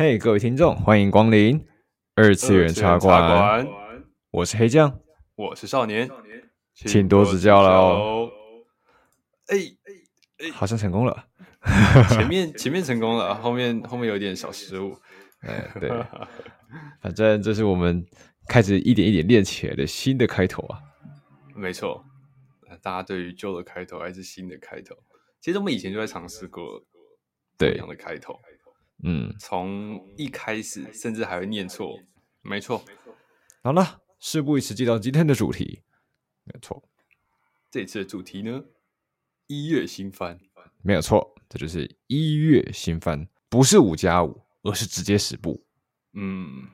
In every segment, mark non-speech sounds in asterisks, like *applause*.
嘿、hey，各位聽眾，歡迎光臨二次元茶館。我是黑醬，我是少年，請多指教了哦。哎哎，哎，好像成功了，前面 *laughs* 前面成功了，後面後面有點小失誤。 *laughs* 哎，對，反正這是我們開始一點一點練起來的新的開頭啊。沒錯，大家對於舊的開頭還是新的開頭，其實我們以前就在嘗試過對，這樣的開頭。嗯，從一開始甚至還會念錯，沒錯。好了，事不宜遲，回到今天的主題，沒錯。這一次的主題呢，一月新番，沒有錯，這就是一月新番，不是五加五，而是直接十部。嗯，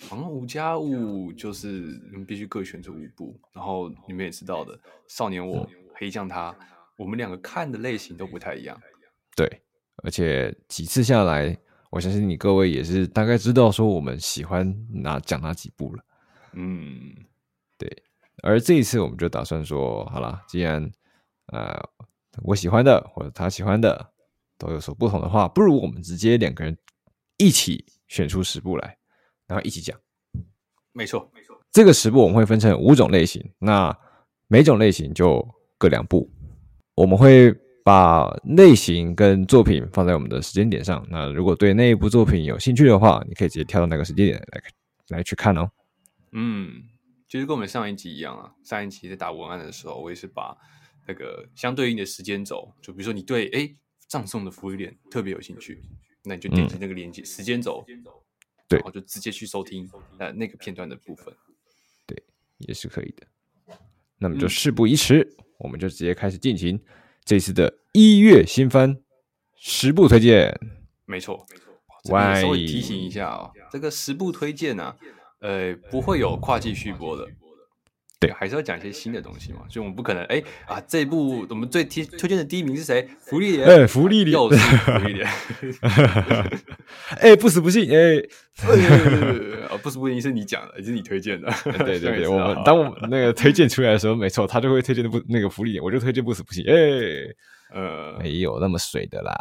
好像五加五就是你們必須各選出五部，然後你們也知道的，少年我、嗯、黑醬他，我們兩個看的類型都不太一樣，對。而且幾次下來，我相信你各位也是大概知道說我們喜歡哪講哪幾部了，嗯，對。而這一次我們就打算說，好了，既然呃我喜歡的或者他喜歡的都有所不同的話，不如我們直接兩個人一起選出十部來，然後一起講。沒錯，沒錯。這個十部我們會分成五種類型，那每種類型就各兩部，我們會，把類型跟作品放在我們的時間點上。那如果對那一部作品有興趣的話，你可以直接跳到那個時間點來來去看哦。嗯,其實，跟我們上一集一樣啊。上一集在打文案的時候，我也是把那個相對應的時間軸，就比如說你對哎、欸《葬送的芙莉蓮》特別有興趣，那你就點擊那個連接、時間軸，對，然後就直接去收聽那那個片段的部分，對，也是可以的。那麼就事不宜遲，嗯，我們就直接開始進行這次的一月新番十部推薦，沒錯沒錯。我稍微提醒一下啊、哦嗯，這個十部推薦啊、嗯，呃，不會有跨季續播的。嗯嗯對，還是要講一些新的東西嘛，所以我們不可能哎、欸、啊！這一部、哎、這一部我們最推推薦的第一名是誰？福利連，哎，福利連，哎，不死不信，哎，不死不棄是你講的，也是你推薦的，對、嗯嗯哎、對、哎、對，我們、嗯、當我們那個推薦出來的時候，沒錯，他就會推薦不、那個、那個福利連，我就推薦不死不棄，哎，呃，沒有那麼水的啦，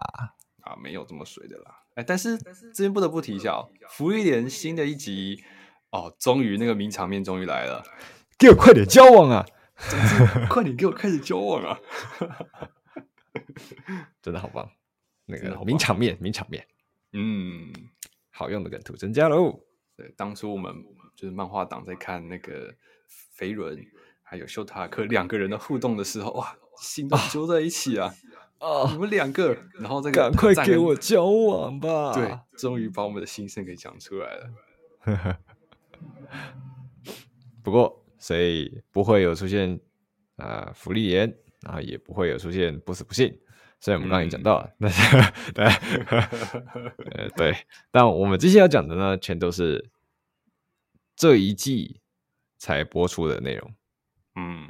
啊，沒有這麼水的啦，哎，但是但是這邊不得不提一下，福利連新的一集哦，終於那個名場面終於來了。給我快點交往啊！快點給我開始交往啊！真的好棒，那個名場面，名場面。嗯，好用的梗圖增加嘍，對，當初我們就是漫畫黨在看那個菲倫還有修塔克兩個人的互動的時候，哇，心都揪在一起啊！啊，啊你們兩個，然後再這個趕快給我交往吧！對，終於把我們的心聲給講出來了。 *laughs* 不過。所以不會有出現啊、呃、福利言，啊，也不會有出現不死不幸，雖然我們剛才也講到了，嗯、但是，對、 *laughs* 呃，對，但我們這些要講的呢，全都是這一季才播出的內容。嗯，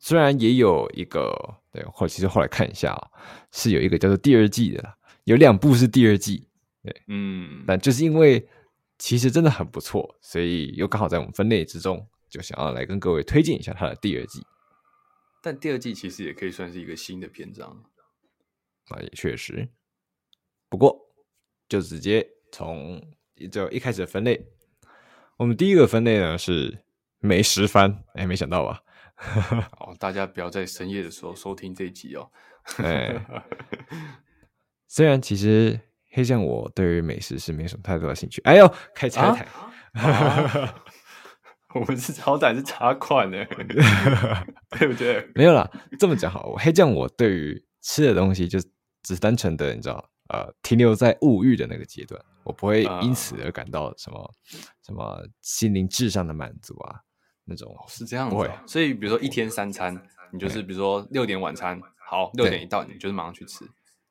雖然也有一個對，或其實後來看一下、喔、是有一個叫做第二季的，有兩部是第二季對。嗯，但就是因為其實真的很不錯，所以又剛好在我們分類之中。就想要來跟各位推薦一下他的第二季，但第二季其實也可以算是一個新的篇章，那也確實。不過，就直接從就一開始的分類，我們第一個分類呢是美食番，哎，沒想到吧？ *laughs* 哦，大家不要在深夜的時候收聽這一集哦、 *laughs* 哎。雖然其實黑醬我對於美食是沒什麼太多的興趣，哎呦，開彩蛋。啊 *laughs* *laughs* 我們是好歹是茶館呢，對不對？沒有啦，這麼講好。黑醬，我對於吃的東西，就只是單純的，你知道，呃，停留在物欲的那個階段，我不會因此而感到什麼、呃、什麼心靈至上的滿足啊，那種是這樣子，哦。不會，所以比如說一天三餐，你就是比如說六點晚餐，欸，好，六點一到你，你就是馬上去吃，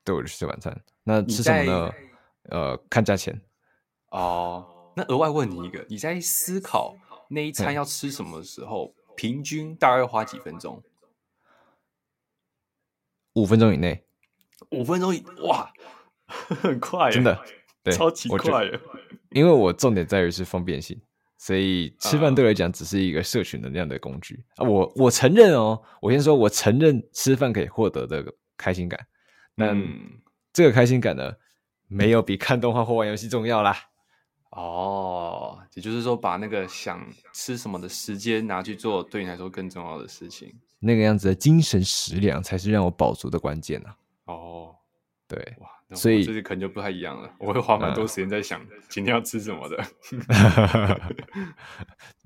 對，我就去吃晚餐。那吃什麼呢？呃，看價錢。哦，那額外問你一個，你在思考，那一餐要吃什麼的時候、嗯？平均大概要花幾分鐘？五分鐘以內。五分鐘哇， *laughs* 很快，真的，對，超級快！ *laughs* 因為我重點在於是方便性，所以吃飯對來講只是一個攝取能量的工具啊，啊。我我承認哦，我先說我承認吃飯可以獲得的開心感，但、嗯、這個開心感呢，沒有比看動畫或玩遊戲重要啦。哦，也就是說，把那個想吃什麼的時間拿去做對你來說更重要的事情，那個樣子的精神食糧才是讓我飽足的關鍵、啊、哦，對，所以這是可能就不太一樣了。我會花蠻多時間在想今天要吃什麼的。嗯、 *laughs* *laughs*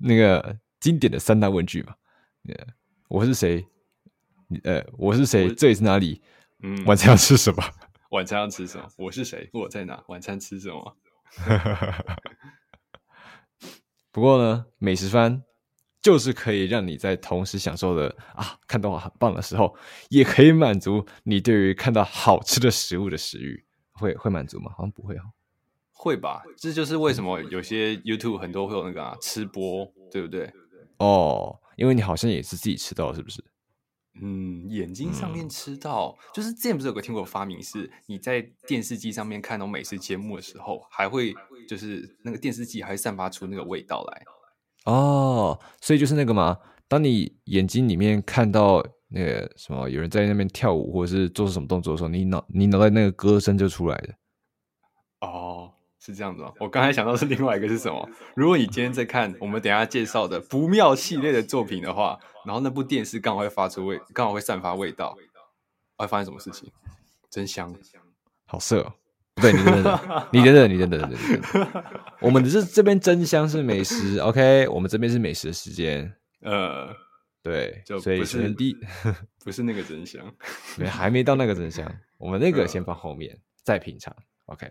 *laughs* 那個經典的三大問句嘛 yeah, 我：我是誰？呃，我是誰？這裡是哪裡？嗯，晚餐要吃什麼？晚餐要吃什麼？ *laughs* 什麼我是誰？我在哪？晚餐吃什麼？哈哈哈哈哈！不過呢，美食番就是可以讓你在同時享受的啊，看動畫很棒的時候，也可以滿足你對於看到好吃的食物的食欲，會會滿足嗎？好像不會哈、哦，會吧？這就是為什麼有些 YouTube 很多會有那個啊吃播，對不對？哦，因為你好像也是自己吃到，是不是？嗯，眼睛上面吃到。嗯，就是之前不是有個聽過發明是，你在電視機上面看到美食節目的時候，還會就是那個電視機還會散發出那個味道來。哦，所以就是那個嘛，當你眼睛裡面看到那個什麼有人在那邊跳舞或者是做什麼動作的時候，你腦你腦袋那個歌聲就出來了。哦。是這樣子嗎？我剛才想到的是另外一個是什麼？如果你今天在看我們等一下介紹的不妙系列的作品的話，然後那部電視剛好會發出味，剛好會散發味道，會、啊、發生什麼事情？真香，好色哦、喔！對你等等等 *laughs* 你等等，你等等，你等等，你等等， *laughs* 我們這邊真香是美食，OK，我們這邊是美食的時間。呃，對，就所以是不是第不是，不是那個真香， *laughs* 還沒到那個真香，我們那個先放後面、呃、再品嘗，OK。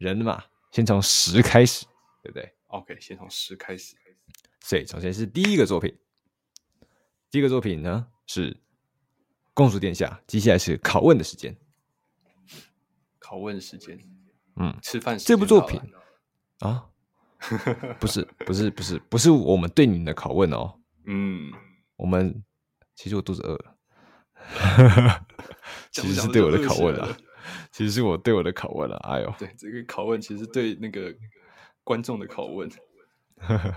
人嘛，先從十開始，對不對？OK，先從十開，開始。所以，首先是第一個作品。第一個作品呢，是公主殿下，接下來是拷問的時間。拷問時間，嗯，吃飯時間。這部作品啊，不是，不是，不是，不是我們對你的拷問哦。嗯， *laughs* 我們其實我肚子餓了， *laughs* 其實是對我的拷問啊。想其實是我對我的拷問了、啊，哎呦，對這個拷問，其實對那個觀眾的拷問。 *laughs*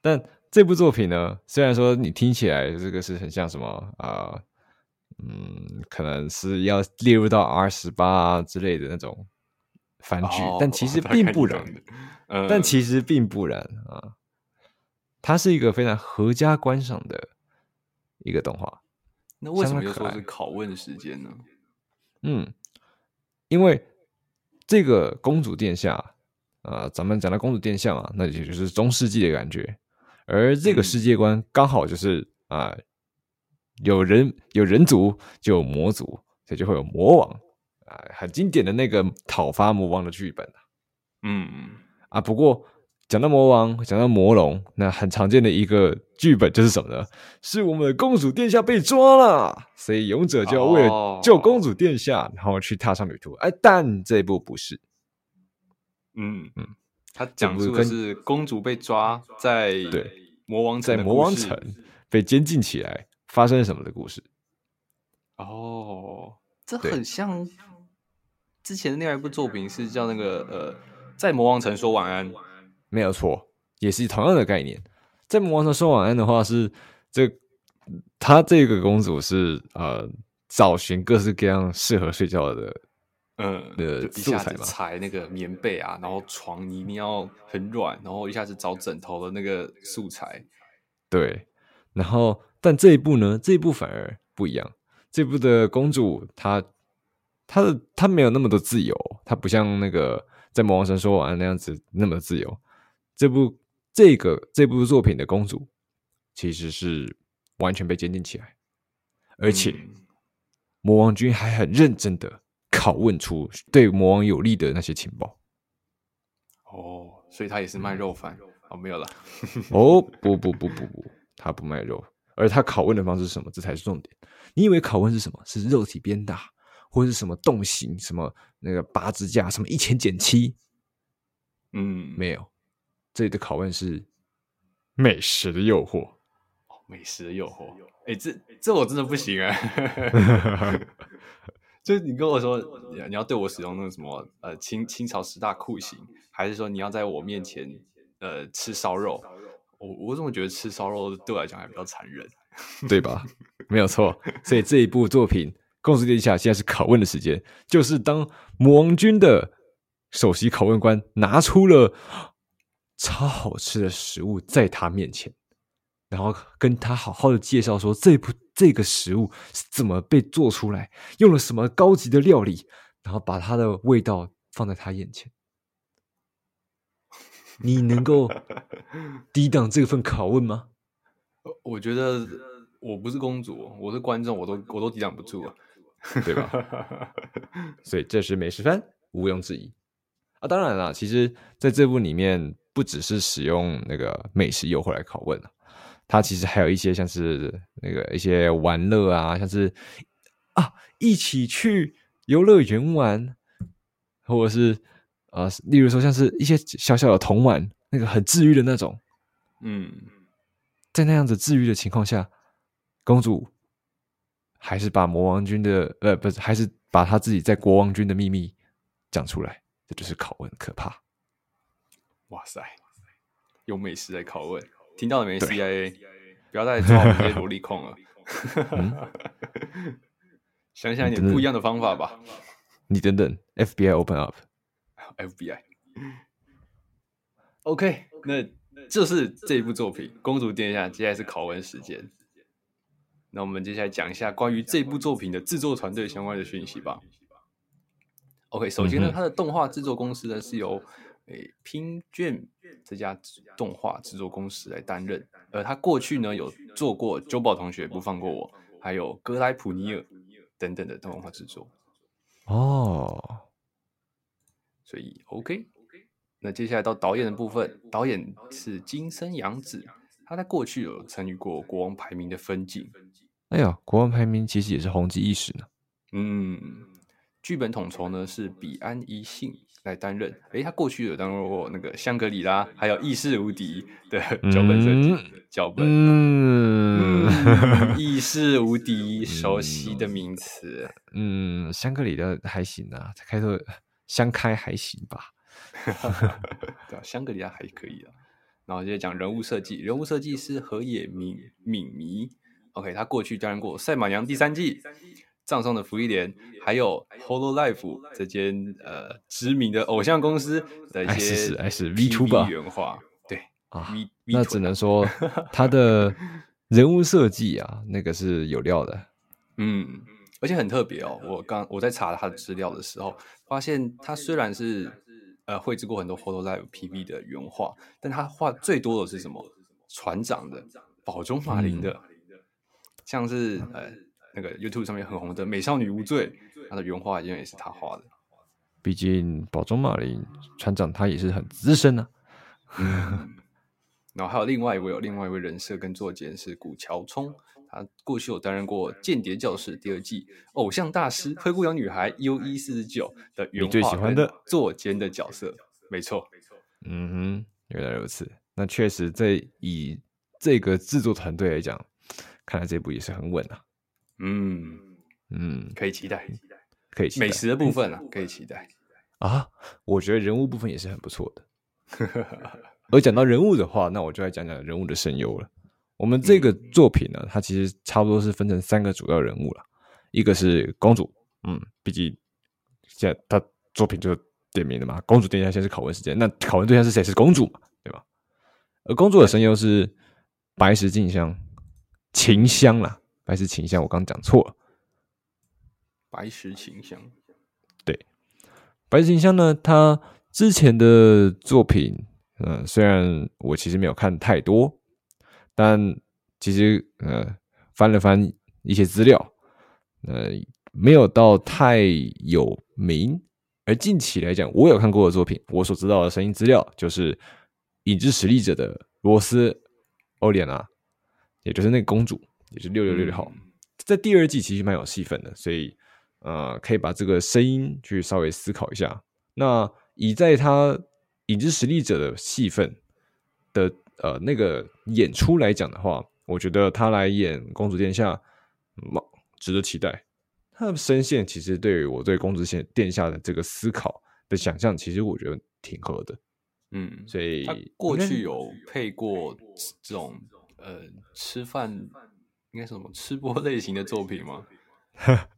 但這部作品呢，雖然說你聽起來這個是很像什麼啊、呃，嗯，可能是要列入到 R 十八之類的那種番劇，哦、但其實並不然。哦呃、但其實並不然啊，它是一個非常合家觀賞的一個動畫。那為什麼又說是拷問時間呢？嗯.嗯，因為這個公主殿下，啊、呃，咱們講的公主殿下啊，那也就，就是中世紀的感覺，而這個世界觀剛好就是啊、呃，有人有人族就有魔族，所以就會有魔王啊、呃，很經典的那個討伐魔王的劇本啊，嗯，啊，不過。講到魔王，講到魔龍，那很常見的一個劇本就是什麼呢？是我們的公主殿下被抓了，所以勇者就要為了救公主殿下，然後去踏上旅途。哎，但這一部不是。嗯嗯，他講述的是公主被抓，在魔王城、在魔王城被監禁起來，發生什麼的故事。哦、oh，這很像之前的另外一部作品，是叫那個呃，在魔王城說晚安。沒有錯，也是同樣的概念。在魔王城說晚安的話是這，他這個公主是呃找尋各式各樣適合睡覺的，呃、嗯、呃素材嘛，裁那個棉被啊，然後床一定要很軟，然後一下子找枕頭的那個素材。對，然後但這一部呢，這一部反而不一樣。這部的公主她，她的她沒有那麼多自由，她不像那個在魔王城說晚安那樣子那麼自由。這部這個這部作品的公主其實是完全被監禁起來，而且、嗯、魔王軍還很認真的拷問出對魔王有利的那些情報。哦，所以他也是賣肉番、嗯、哦，沒有了。哦、 *laughs* oh,，不，不不不不不，他不賣肉，而他拷問的方式是什麼？這才是重點。你以為拷問是什麼？是肉體鞭打，或者是什麼動刑？什麼那個拔指甲？什麼一千減七？嗯，沒有。這裡的拷問是美食的誘惑，哦，美食的誘惑，哎、欸，這這我真的不行啊，欸！ *laughs* *laughs* 就你跟我說，你要對我使用那種什麼呃清清朝十大酷刑，還是說你要在我面前呃吃燒肉？我我怎麼覺得吃燒肉對我來講還比較殘忍， *laughs* 對吧？沒有錯，所以這一部作品，公主殿下現在是拷問的時間，就是當魔王軍的首席拷問官拿出了。超好吃的食物在他面前，然後跟他好好的介紹說，這部這個食物是怎麼被做出來，用了什麼高級的料理，然後把它的味道放在他眼前，你能夠抵擋這份拷問嗎？我，我覺得我不是公主，我是觀眾，我都我都抵擋不住啊，對吧？所以這是美食番，毋庸置疑啊。當然了，其實在這部裡面。不只是使用那個美食誘惑來拷問，他其實還有一些像是那個一些玩樂啊，像是啊一起去遊樂園玩，或者是呃，例如說像是一些小小的童玩，那個很治癒的那種。嗯，在那樣子治癒的情況下，公主還是把魔王軍的，呃，不是，還是把她自己在國王軍的秘密講出來，這就是拷問可怕。哇塞！有美食來拷問，聽到了沒？CIA，不要再裝逼蘿莉控了。 *laughs* *laughs* 想想有點不一樣的方法吧。你等等,你等等，FBI open up，FBI。OK，那這是這一部作品，公主殿下，接下來是拷問時間。那我們接下來講一下關於這部作品的制作團隊相關的訊息吧。OK，首先呢，它的動畫制作公司呢是由。誒，拼卷這家動畫製作公司來擔任。而他過去呢有做過《久保同學不放過我》，還有《格萊普尼爾》等等的動畫製作。哦，所以 OK。那接下來到導演的部分，導演是金森陽子，他在過去有參與過《國王排名》的分鏡。哎呀，《國王排名》其實也是紅極一時呢。嗯，劇本統籌呢是比安一幸。來擔任，哎，他過去有擔任過那個香格里拉，還有《異世無敵》的腳本設計。腳本，腳本嗯嗯、 *laughs* 異世無敵 *laughs* 熟悉的名詞。嗯，香格里拉還行啊，開頭香開還行吧。 *laughs* *laughs* 對、啊，香格里拉還可以啊。然後就講人物設計，人物設計師河野敏敏彌。OK，他過去擔任過《賽馬娘》第三季。葬送的芙莉蓮，還有 Hololive 這間呃知名的偶像公司的一些 PV 原畫、哎哎，對啊 v,，那只能說他的人物設計啊， *laughs* 那個是有料的。嗯，而且很特別哦。我剛我在查他的資料的時候，發現他雖然是呃繪製過很多 Hololive PV 的原畫，但他畫最多的是什麼？船長的，寶鐘瑪琳的、嗯，像是呃。嗯那個 YouTube 上面很紅的《美少女無罪》，她的原畫應該也是她畫的。畢竟寶鐘瑪琳船長她也是很資深的，啊。 *laughs* 然後還有另外一位，有另外一位人設跟作監是古橋聰，他過去有擔任過《間諜教室》第二季，《偶像大師》、《灰姑娘女孩》U149 的原畫跟作監的角色。沒錯，沒錯。嗯哼，原來如此。那確實，在以這個製作團隊來講，看來這部也是很穩啊。嗯嗯，可以期待，可以期待美食的部分啊，可以期待啊。我覺得人物部分也是很不錯的。 *laughs* *laughs* 而講到人物的話，那我就來講講人物的聲優了。我們這個作品呢、嗯，它其實差不多是分成三個主要人物了，一個是公主，嗯，畢竟現在他作品就點名的嘛，公主殿下先是拷問時間，那拷問對象是誰？是公主嘛，對吧？而公主的聲優是白石靜香，琴香啦。白石晴香，我剛講錯了。白石晴香，對，白石晴香呢，他之前的作品，嗯、呃，雖然我其實沒有看太多，但其實，呃，翻了翻一些資料，呃，沒有到太有名。而近期來講，我有看過的作品，我所知道的聲音資料，就是《影之實力者的羅斯歐蓮娜》，也就是那個公主。也是六六六六好，在第二季其實蠻有戲份的，所以呃，可以把這個聲音去稍微思考一下。那以在他影之實力者的戲份的呃那個演出來講的話，我覺得他來演公主殿下，嗯，值得期待。他的聲線其實對於我對公主殿下的這個思考的想象，其實我覺得挺合的。嗯，所以過去有配過這種呃吃飯。應該是什麼吃播類型的作品嗎？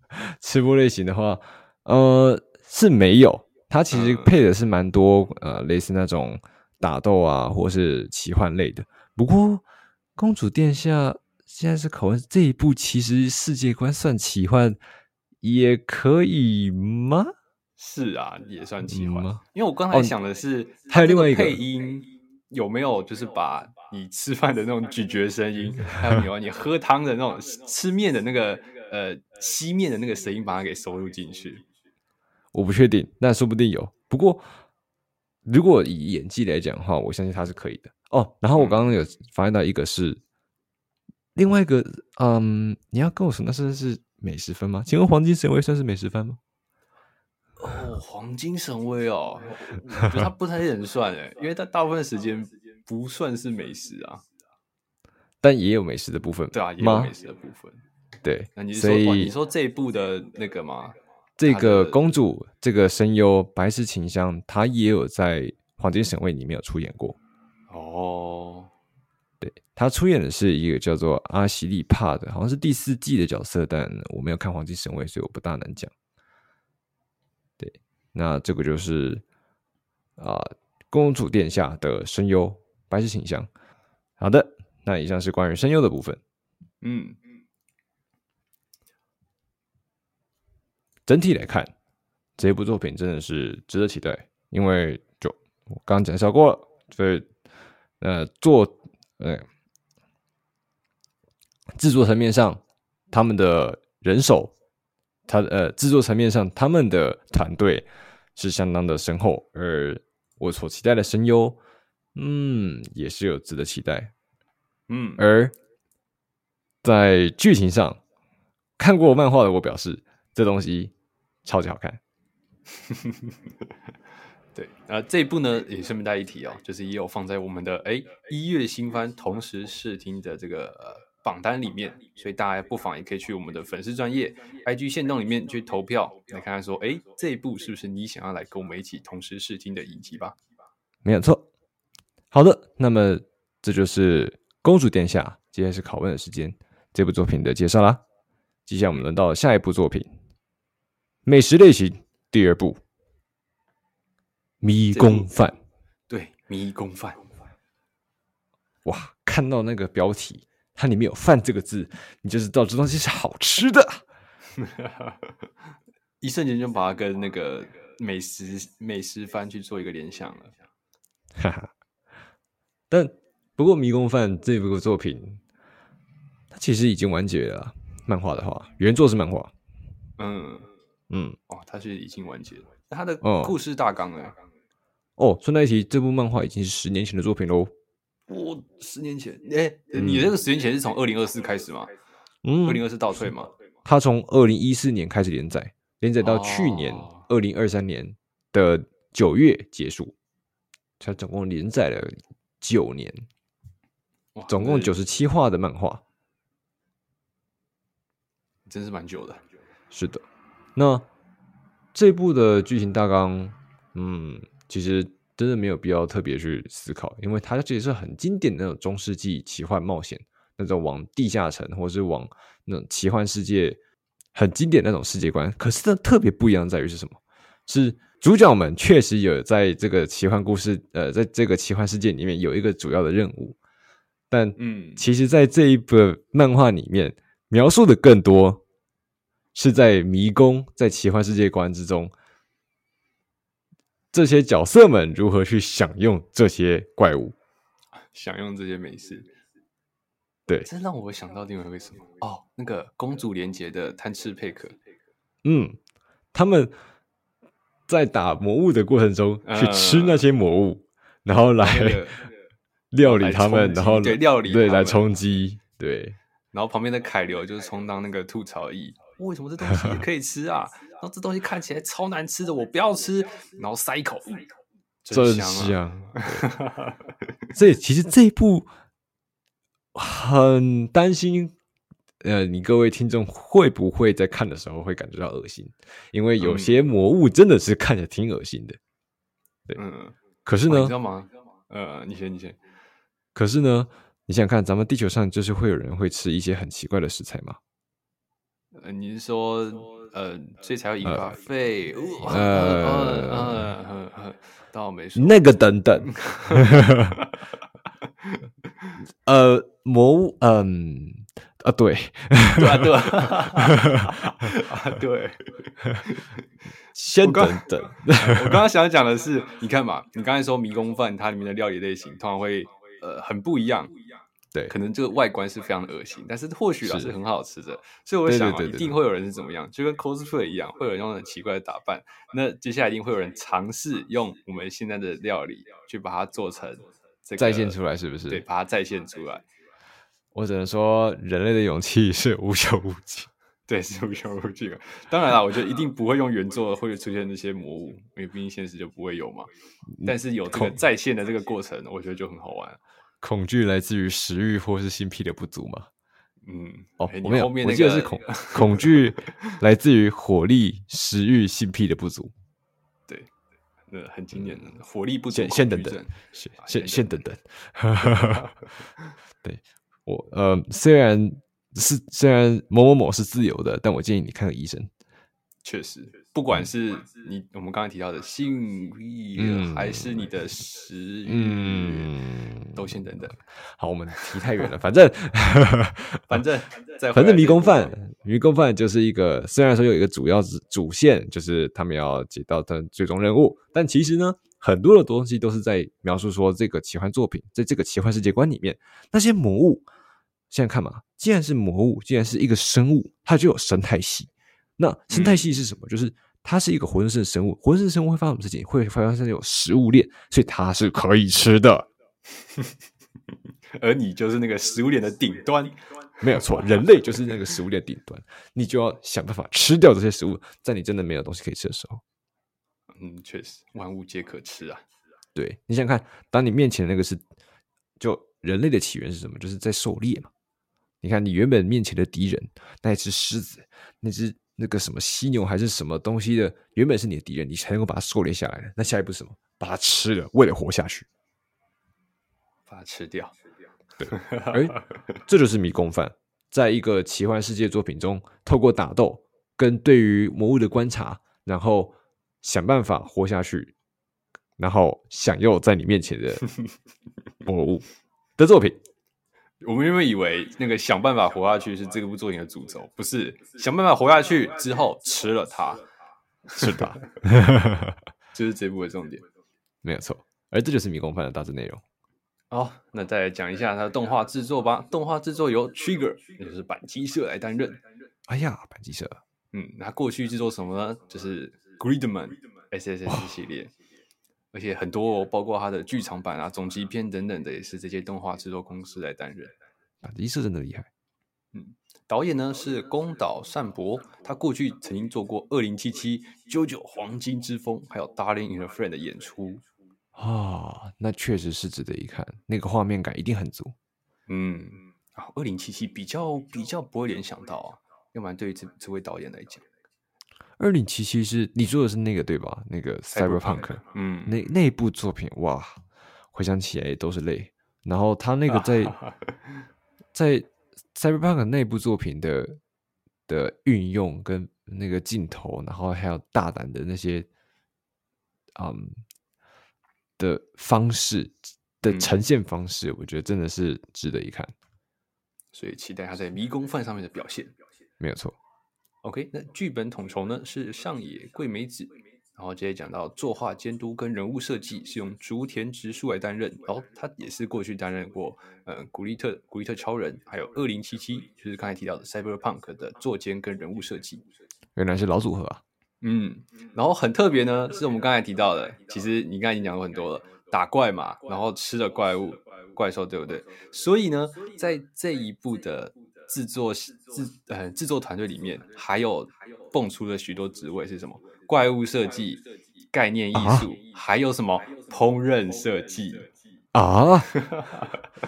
*laughs* 吃播類型的話，呃，是沒有。它其實配的是蠻多呃,呃，類似那種打鬥啊，或是奇幻類的。不過，公主殿下現在是拷問這一部，其實世界觀算奇幻也可以嗎？是啊，也算奇幻、嗯、嗎？因為我剛才想的是，哦、還有另外一個配音。有沒有就是把你吃飯的那種咀嚼聲音，還有你喝湯的那種吃麵的、那個 *laughs* 呃、面的那個呃吸面的那個聲音，把它給收錄進去？我不確定，但說不定有。不過如果以演技來講的話，我相信他是可以的哦。然後我剛剛有發現到一個是、嗯、另外一個，嗯，你要跟我說那算是美食番嗎？請問黃金神威算是美食番嗎？哦，黃金神威哦，他不太能算哎， *laughs* 因為他大部分時間不算是美食啊，但也有美食的部分，對啊，也有美食的部分，對。那你是說所以，你說這一部的那個嗎？這個公主，這個聲優白石晴香，她也有在《黃金神威》裡面有出演過哦。對，她出演的是一個叫做阿西利帕的，好像是第四季的角色，但我沒有看《黃金神威》，所以我不大能講。那這個就是啊、呃，公主殿下的聲優白石晴香，好的，那以上是關於聲優的部分。嗯嗯，整體來看，這部作品真的是值得期待，因為就我剛剛講過了，所以呃，做呃製作層面上，他們的人手，他呃，製作層面上他們的團隊。是相當的深厚，而我所期待的聲優，嗯，也是有值得期待，嗯。而在劇情上，看過漫畫的我表示，這東西超級好看。 *laughs* 對，那這一部呢也順便帶一提哦，就是也有放在我們的哎一、欸、月新番同時試聽的這個。榜單裡面，所以大家不妨也可以去我們的粉絲專頁 IG 限動裡面去投票，來看看說，誒，這一部是不是你想要來跟我們一起同時試聽的影集吧？沒有錯。好的，那麼這就是公主殿下，接下來是拷問的時間，這部作品的介紹啦。接下來我們輪到下一部作品，美食類型第二部《迷宮飯》。對，《迷宮飯》。哇，看到那個標題。它裡面有“飯”這個字，你就是知道這東西是好吃的。 *laughs* 一瞬間就把它跟那個美食、美食番去做一個聯想了。哈哈，但不過《迷宮飯》這部作品，它其實已經完結了。漫畫的話，原作是漫畫。嗯嗯，哦，它是已經完結了。它的故事大綱哎、嗯。哦，順帶一提，這部漫畫已經是十年前的作品嘍。我十年前，哎、欸、嗯，你這個十年前是從二零二四開始嗎？嗯，二零二四倒退嗎？他從二零一四年開始連載，連載到去年二零二三年的九月結束，才總共連載了九年，總共九十七話的漫畫，真是蠻久的。是的，那這部的劇情大綱，嗯，其實。真的沒有必要特別去思考，因為它其實是很經典的那種中世紀奇幻冒險，那種往地下城，或是往那種奇幻世界很經典的那種世界觀。可是它特別不一樣在於是什麼？是主角們確實有在這個奇幻故事，呃，在這個奇幻世界裡面有一個主要的任務。但嗯，其實在這一部漫畫裡面描述的更多是在迷宮，在奇幻世界觀之中。這些角色們如何去享用這些怪物、享用這些美食？對，這讓我想到另外一個為什麼哦，那個公主連結的貪吃佩可，嗯，他們在打魔物的過程中去吃那些魔物，呃、然後來料理他們，那個、然後，來然後料理對來充飢，對，然後旁邊的凱流就是充當那個吐槽役，為什麼這東西也可以吃啊？ *laughs* 這東西看起來超難吃的，我不要吃，然後塞一口，真香，啊。 *laughs* 這其實這一部很擔心，呃，你各位聽眾會不會在看的時候會感覺到噁心？因為有些魔物真的是看着挺噁心的。嗯、對、嗯，可是呢，呃，你先，你先。可是呢，你想想看，咱們地球上就是會有人會吃一些很奇怪的食材嗎？呃、嗯，您說。嗯、呃，所以才有研發費。嗯、呃、嗯，倒、呃呃呃、沒事。那個等等。 *laughs* *laughs* 呃，魔物，嗯、呃，啊，對， *laughs* 對，啊對啊， *laughs* 啊對啊，對。先等等，我剛， *laughs* 我剛剛想講的是， *laughs* 你看嘛，你剛才說迷宮飯，它裡面的料理類型通常會呃很不一樣。對，可能這個外觀是非常的噁心，但是或許是，是很好吃的。所以我想、喔、對對對對對，一定會有人是怎麼樣，就跟 cosplay 一樣，會有人很奇怪的打扮。那接下來一定會有人嘗試用我們現在的料理去把它做成、這個，再現出來是不是？對，把它再現出來。我只能說，人類的勇氣是無窮無盡。 *laughs* 對，是無窮無盡、啊。當然了，我覺得一定不會用原作的會出現那些魔物，因為畢竟現實就不會有嘛。但是有這個再現的這個過程，我覺得就很好玩。恐懼來自於食慾或是性癖的不足嗎？嗯，哦，我沒有，後面那個我記得是恐、那個、 *laughs* 恐懼來自於火力、食慾、性癖的不足。對，那很經典的、嗯、火力不足。先等等，先先等等。啊、等等 *laughs* 對我呃，雖然是雖然某某某是自由的，但我建議你看個醫生。確實，不管是你我們剛才提到的性慾、嗯，還是你的食欲、嗯，都行，等等。好，我們提太遠了，反正， *laughs* 反正，反正迷宮飯，迷宮飯就是一個。雖然說有一個主要主線，就是他們要解到的最終任務，但其實呢，很多的東西都是在描述說這個奇幻作品，在這個奇幻世界觀裡面，那些魔物，現在看嘛，既然是魔物，既然是一個生物，它就有生態系。那生態系是什麼、嗯？就是它是一個活生生的生物，活生生的生物會發生什麼事情？會發生有食物鏈，所以它是可以吃的。而你就是那個食物鏈的頂端， *laughs* 沒有錯，人類就是那個食物鏈的頂端。 *laughs* 你就要想辦法吃掉這些食物，在你真的沒有東西可以吃的時候。嗯，確實，萬物皆可吃啊。對，你想，想看，當你面前那個是，就人類的起源是什麼？就是在狩獵嘛。你看，你原本面前的敵人，那隻獅子，那隻。那個什麼犀牛還是什麼東西的，原本是你的敵人，你才能夠把它狩獵下來。那下一步是什麼？把它吃了，為了活下去。把它吃掉，對，哎、 *laughs* 欸，這就是迷宮飯，在一個奇幻世界作品中，透過打鬥跟對於魔物的觀察，然後想辦法活下去，然後享用在你面前的魔物的作品。我們原本以為那個想辦法活下去是這部作品的主軸，不是想辦法活下去之後吃了它，是 *laughs* 的，就是這部的重點，沒有錯。而這就是迷宮飯的大致內容。好、哦，那再來講一下它的動畫制作吧。動畫制作由 Trigger，也就是板機社來擔任。哎呀，板機社，嗯，它過去制作什麼呢？就是 Gridman SSS 系列。而且很多，包括他的劇場版啊、總集片等等的，也是這些動畫制作公司來擔任。啊，這一次真的厲害。嗯，導演呢是宮島善博，他過去曾經做過《二零七七》《JoJo 黃金之風》，還有《Darling in the Franxx》的演出。啊、哦，那確實是值得一看，那個畫面感一定很足。嗯，啊，《二零七七》比較比較不會聯想到、啊，要不然對這這位導演來講。《二零七七》是你做的是那個對吧？那個 Cyberpunk，嗯，那那部作品哇，回想起來都是淚。然後他那個在 *laughs* 在 Cyberpunk 那部作品的的運用跟那個鏡頭，然後還有大膽的那些嗯的方式的呈現方式、嗯，我覺得真的是值得一看。所以期待他在《迷宮飯》上面的表現，沒有錯。OK，那劇本統籌呢是上野桂美子，然後直接講到作畫監督跟人物設計是用竹田直樹來擔任，然後、哦、他也是過去擔任過呃、嗯、古力特古力特超人，還有二零七七，就是剛才提到的 Cyberpunk 的作監跟人物設計，原來是老組合啊。嗯，然後很特別呢，是我們剛才提到的，其實你剛才已經講過很多了，打怪嘛，然後吃了怪物，怪物，怪獸對不對，獸對？所以呢，在這一部的。製作製呃製作團隊裡面還有蹦出了許多職位是什麼？怪物設計、概念藝術、啊，還有什麼烹飪設計啊？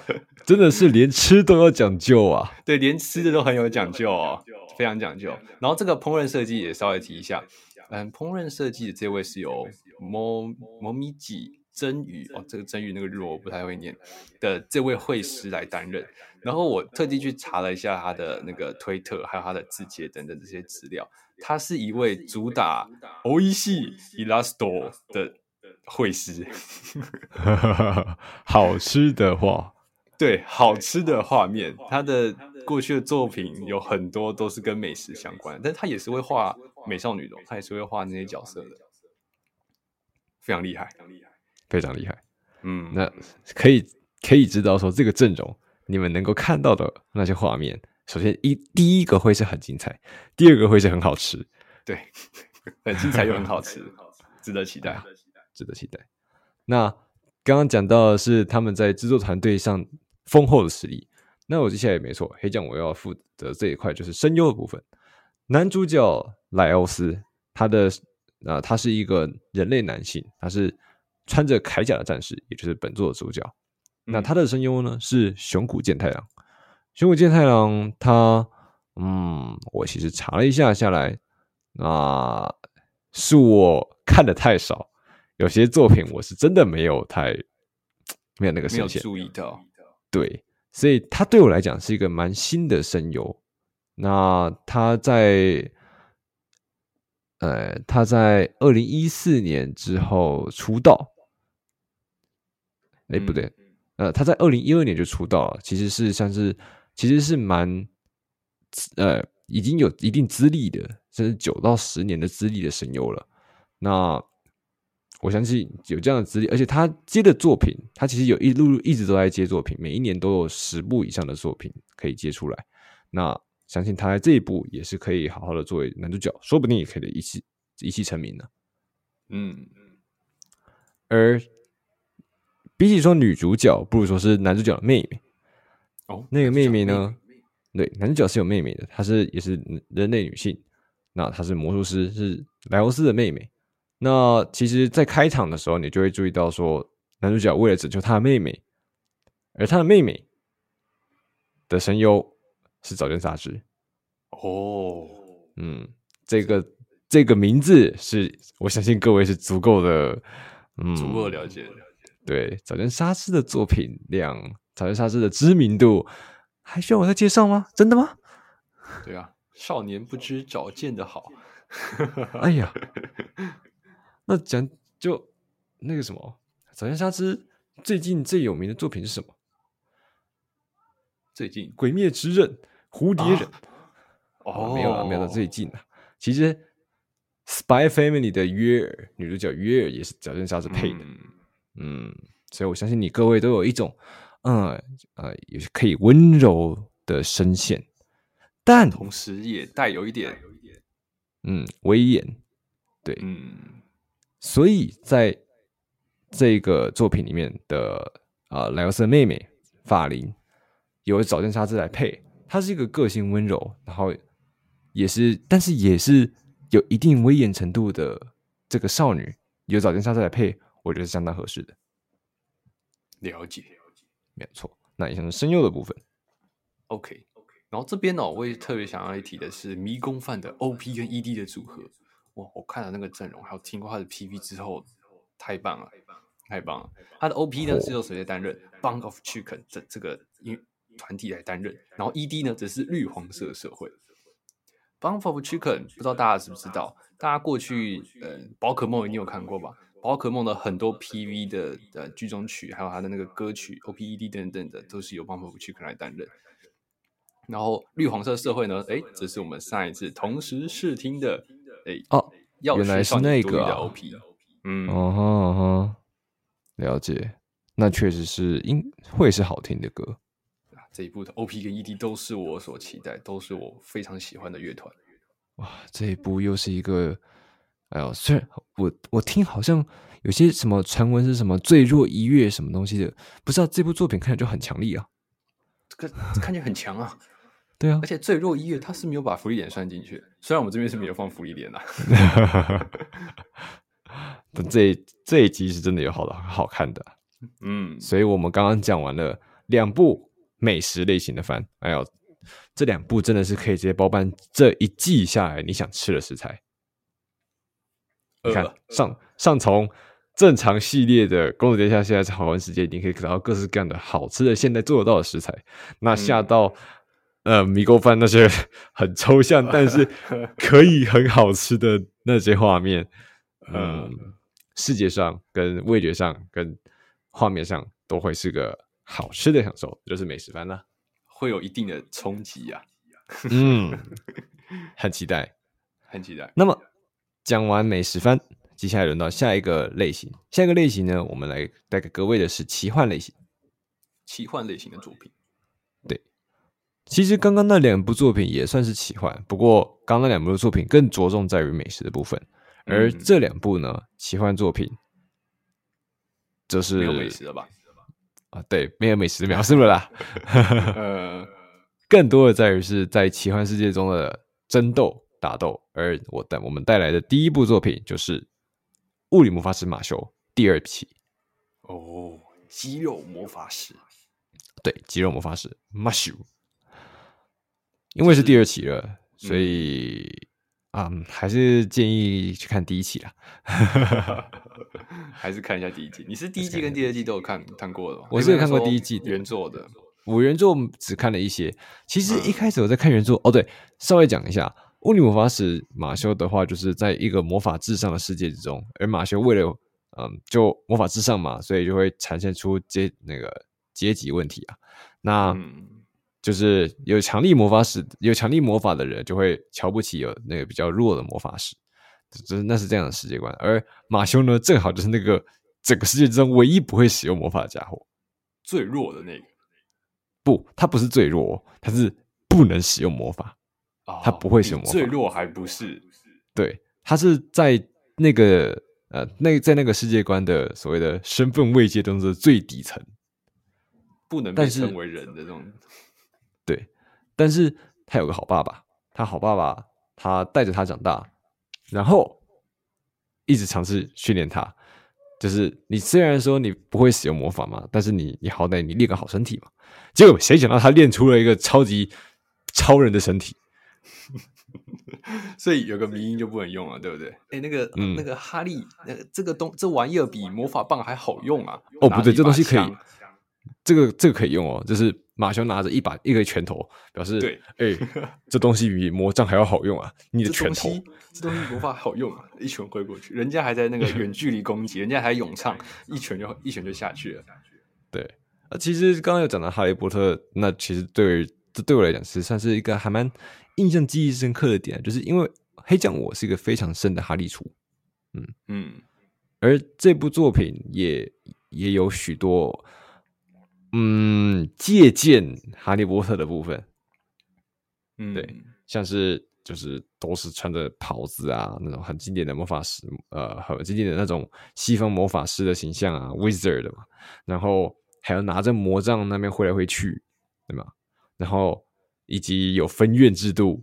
*laughs* *laughs* 真的是連吃都要講究啊！ *laughs* *laughs* 對，連吃的都很有講究啊，哦，非常講究。然後這個烹飪設計也稍微提一下，嗯，烹飪設計的這位是由貓貓咪吉。真魚哦，這個真魚那個日我不太會念的，這位繪師來擔任。然後我特地去查了一下他的那個推特，還有他的字節等等這些資料。他是一位主打 Oishii Illust 哈，的繪師。 *laughs* *laughs* *laughs* 好吃的話，對，好吃的畫面，他的過去的作品有很多都是跟美食相關，但他也是會畫美少女的，他也是會畫那些角色的，非常厲害，非常厲害。非常厲害，嗯，那可以可以知道說這個陣容，你們能夠看到的那些畫面，首先一第一個會是很精彩，第二個會是很好吃，對，嗯、對很精彩又很好吃，呵呵值得期待，值得期待,、啊、值得期待，值得期待。那剛剛講到的是他們在制作團隊上豐厚的實力，那我接下來也沒錯，黑醬我要負責這一塊就是聲優的部分。男主角萊歐斯，他的啊、呃、他是一個人類男性，他是。穿着鎧甲的戰士，也就是本作的主角。嗯、那他的聲優呢，是熊谷健太郎。熊谷健太郎他，他嗯，我其實查了一下下來，那、呃、是我看得太少，有些作品我是真的沒有太沒有那個沒有注意到。對，所以他對我來講是一個蠻新的聲優。那他在呃，他在二零一四年之後出道。哎、欸，不對、嗯，呃，他在二零一二年就出道了，其實是像是，其實是蠻，呃，已經有一定資歷的，甚至九到十年的資歷的聲優了。那我相信有這樣的資歷，而且他接的作品，他其實有一路一直都在接作品，每一年都有十部以上的作品可以接出來。那相信他在這一部也是可以好好的作為男主角，說不定也可以的一起一起成名呢。嗯，而。比起說女主角，不如說是男主角的妹妹。哦，那個妹妹呢？對，男主角是有妹妹的，她是也是人類女性。那她是魔術師，是萊歐斯的妹妹。那其實，在開場的時候，你就會注意到說，男主角為了拯救他的妹妹，而他的妹妹的聲優是早見沙織。哦，嗯，這個這個名字是我相信各位是足夠的，嗯，足夠的了解的。對，早見沙織的作品量，早見沙織的知名度，還需要我再介紹嗎？真的嗎？對啊，少年不知早見的好。 *laughs* 哎呀，那講就那個什麼，早見沙織最近最有名的作品是什麼？最近《鬼滅之刃》《蝴蝶忍》哦、啊 oh. 啊，沒有啊，沒有了，最近啊，其實《Spy Family》的約爾，女主角約爾也是早見沙織配的。嗯嗯，所以我相信你各位都有一種，嗯呃，呃，也是可以溫柔的聲線，但同時也帶有一點，嗯，威嚴，對，嗯，所以在這個作品裡面的啊、呃，萊歐斯妹妹法琳，由早見沙織來配，她是一個個性溫柔，然後也是，但是也是有一定威嚴程度的這個少女，由早見沙織來配。我覺得是相當合適的。了解，沒有錯。那也像是聲優的部分。OK，OK、okay,。然後這邊呢、哦，我會特別想要提的是《迷宮飯》的 OP 跟 ED 的組合。哇，我看了那個陣容，還有聽過他的 PV 之後，太棒了，太棒了。他的 OP 呢是由誰來擔任、oh.？Bump of Chicken 這這個團體來擔任。然後 ED 呢則是綠黃色的社會。Bump of Chicken 不知道大家知不是知道？大家過去呃，寶可夢你有看過吧？寶可夢的很多 PV 的的劇中曲，還有它的那個歌曲 OP、ED 等等的，都是由邦棒棒曲克來擔任。然後綠黃色社會呢？誒、欸，這是我們上一次同時試聽的。誒、欸，哦、啊啊，原來是那個 OP、啊。嗯，哦、uh、哈 -huh, uh -huh，了解。那確實是，應會是好聽的歌。這一部的 OP 跟 ED 都是我所期待，都是我非常喜歡的樂團。哇，這一部又是一個。哎呦，雖然我我聽好像有些什麼傳聞，是什麼最弱一月什麼東西的，不知道這部作品看着就很強力啊，這個看起來很強啊， *laughs* 對啊，而且最弱一月他是沒有把福利點算進去，雖然我們這邊是沒有放福利點的、啊，但 *laughs* *laughs* 這這一集是真的有好多好看的，嗯，所以我們剛剛講完了兩部美食類型的番，哎呦，這兩部真的是可以直接包辦這一季下來你想吃的食材。你看，呃、上、呃、上從正常系列的公主殿下，現在是好玩世界，你可以看到各式各樣的好吃的，現在做得到的食材。那下到、嗯、呃迷宮飯那些很抽象，但是可以很好吃的那些畫面，嗯、呃，世界上跟味覺上跟畫面上都會是個好吃的享受，就是美食飯了、啊，會有一定的衝擊呀， *laughs* 嗯，很期待，很期待。那麼。講完美食番，接下來輪到下一個類型。下一個類型呢，我們來帶給各位的是奇幻類型，奇幻類型的作品。對，其實剛剛那兩部作品也算是奇幻，不過剛剛兩部作品更着重在於美食的部分，而這兩部呢，嗯嗯，奇幻作品就是沒有美食的吧？啊，對，沒有美食的描述了啦。呃， *laughs* 更多的在於是在奇幻世界中的爭鬥、打鬥。而我帶我們帶來的第一部作品就是《物理魔法使馬修》第二期。哦，肌肉魔法使！對，肌肉魔法使馬修。因為是第二期了，所以、嗯、啊，還是建議去看第一期啦。 *laughs* 還是看一下第一季。你是第一季跟第二季都有看看過的看過，我是有看過第一季的原作的，我原作只看了一些。其實一開始我在看原作，嗯、哦，對，稍微講一下。物理魔法使馬修的話，就是在一個魔法至上的世界之中，而馬修為了，嗯，就魔法至上嘛，所以就會產生出階那個階級問題啊。那，就是有強力魔法使有強力魔法的人，就會瞧不起有那個比較弱的魔法使，就是那是這樣的世界觀。而馬修呢，正好就是那個整個世界之中唯一不會使用魔法的傢伙，最弱的那個。不，他不是最弱，他是不能使用魔法。他不會使用魔法，哦，最弱還不是，對，他是在那個呃那在那個世界觀的所謂的身份位階中的最底層，不能被稱為人的這種。對，但是他有個好爸爸，他好爸爸他帶着他長大，然後一直嘗試訓練他。就是你雖然說你不會使用魔法嘛，但是你你好歹你練個好身體嘛。結果誰想到他練出了一個超級超人的身體。 *laughs* 所以有個名音就不能用了對不對？欸、那個、嗯、那個哈利、那個，這個東這玩意兒比魔法棒還好用啊！哦，不對，這東西可以，這個這個可以用哦。就是馬修拿着一把一個拳頭，表示對，哎、欸， *laughs* 這東西比魔杖還要好用啊！你的拳頭，這東西，這東西魔法好用、啊，一拳揮過去， *laughs* 人家還在那個遠距離攻擊， *laughs* 人家還詠唱，一拳就一拳就下去了。對，呃、其實剛剛又講到哈利波特，那其實對這對我來講，是算是一個還蠻。印象記憶深刻的點，就是因為黑醬，我是一個非常深的哈利廚。嗯嗯，而這部作品也也有許多嗯借鑑哈利波特的部分，嗯，對，像是就是都是穿着袍子啊，那種很經典的魔法師，呃，很經典的那種西方魔法師的形象啊、嗯、Wizard 嘛，然後還要拿着魔杖那邊揮來揮去，對嗎？然後。以及有分院制度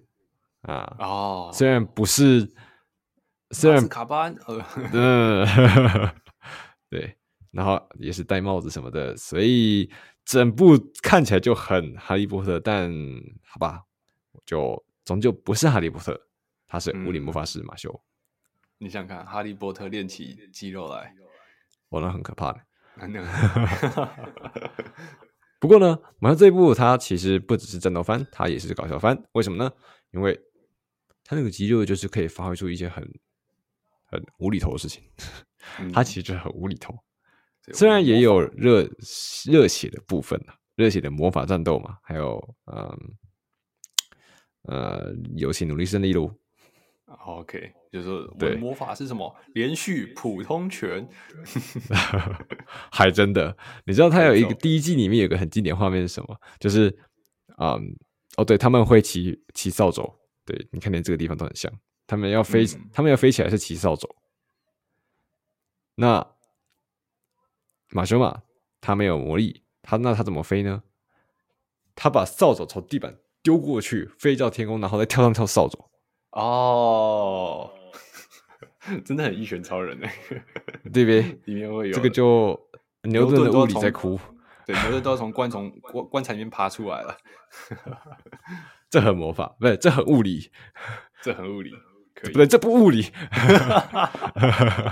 啊，哦，雖然不是，嗯、雖然是卡巴恩，呃、對， *laughs* 對，然後也是戴帽子什麼的，所以整部看起來就很哈利波特，但好吧，就終究不是哈利波特，他是物理魔法使馬修、嗯。你想看哈利波特練起肌肉來，我、哦、覺得很可怕的， *laughs* *laughs* 不過呢，馬上這一部它其實不只是戰鬥番，它也是搞笑番。為什麼呢？因為它那個肌肉就是可以發揮出一些很很無厘頭的事情， *laughs* 它其實很無厘頭。雖然也有熱熱血的部分，熱血的魔法戰鬥嘛，還有嗯呃，友、呃、情努力勝利嘍。OK，就是我的魔法是什麼？連續普通拳， *laughs* 還真的。 *laughs* 你知道他有一個第一季裡面有一個很經典畫面是什麼？就是，嗯，哦，對，他們會騎騎掃帚。對，你看見這個地方都很像，他們要飛，他們要飛起來是騎掃帚。嗯嗯，那馬修馬他沒有魔力，他那他怎麼飛呢？他把掃帚朝地板丟過去，飛到天空，然後再跳上跳掃帚。哦、oh,，真的很一拳超人呢，對唄， *laughs* 裡面會有這個就牛頓的物理在哭，頓對，牛頓都要從棺 *laughs* 棺材裡面爬出來了，這很魔法，不是這很物理，這很物理，不對，這不物理， *laughs*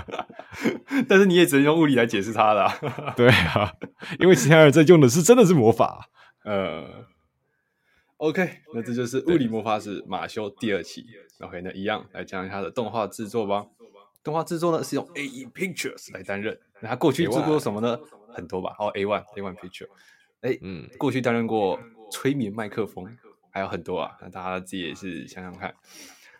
*laughs* 但是你也只能用物理來解釋它了、啊、 *laughs* 對啊，因為其他人在用的是真的是魔法，嗯、呃。OK，那這就是物理魔法使馬修第二期。OK，那一樣來講一下他的動畫製作吧。動畫製作呢是用 a e Pictures 來擔任。那他過去制作什麼呢？A1, 很多吧。哦、oh,，A1，A1 Pictures、欸。哎，嗯，過去擔任過催眠麥克風，還有很多啊。那大家自己也是想想看。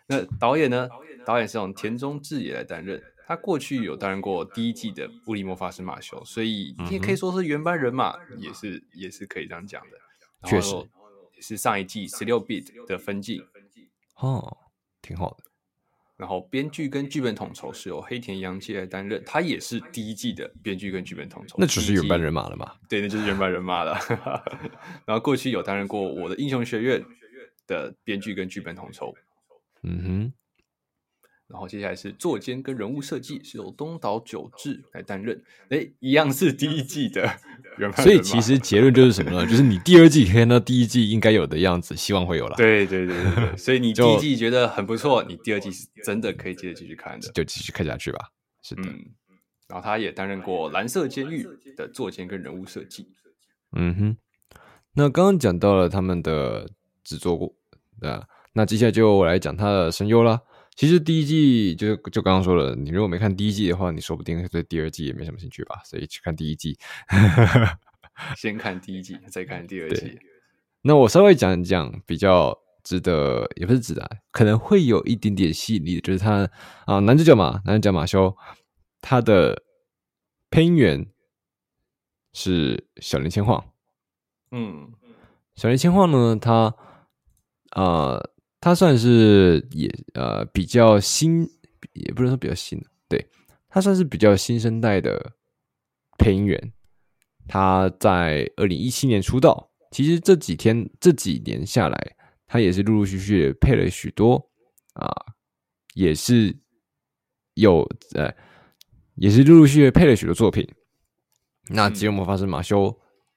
那導演呢？導演是用田中智也來擔任。他過去有擔任過第一季的物理魔法使馬修，所以也可以說是原班人馬，也是也是可以這樣講的。確實。是上一季十六 bit 的分季，哦，挺好的。然後編劇跟劇本統籌是由黑田洋介擔任，他也是第一季的編劇跟劇本統籌。那只是原班人馬了嘛？對，那就是原班人馬了。 *laughs* 然後過去有擔任過《我的英雄學院》的編劇跟劇本統籌。嗯哼。然後接下來是作監跟人物設計是由東島久志來擔任，哎，一樣是第一季的，所以其實結論就是什麼呢？ *laughs* 就是你第二季可以看到第一季應該有的樣子，希望會有啦。對對對，對，對，對，所以你第一季覺得很不錯， *laughs* 你第二季是真的可以接着繼續看的，就，就繼續看下去吧。是的，嗯、然後他也擔任過《藍色監獄》的作監跟人物設計。嗯哼，那剛剛講到了他們的製作過啊，那接下來就我來講他的聲優啦。其實第一季就就剛剛說了，你如果沒看第一季的話，你說不定對第二季也沒什麼興趣吧，所以去看第一季， *laughs* 先看第一季再看第二季。那我稍微講一講比較值得，也不是值得，可能會有一點點吸引力，就是他啊、呃，男主角嘛，男主角馬修，他的配音員是小林千晃，嗯，小林千晃呢，他啊。呃他算是也呃比較新，也不能說比較新，對，他算是比較新生代的配音員。他在二零一七年出道，其實這幾天這幾年下來，他也是陸陸續續配了許多啊、呃，也是有呃，也是陸陸續續配了許多作品。嗯、那《物理魔法使馬修》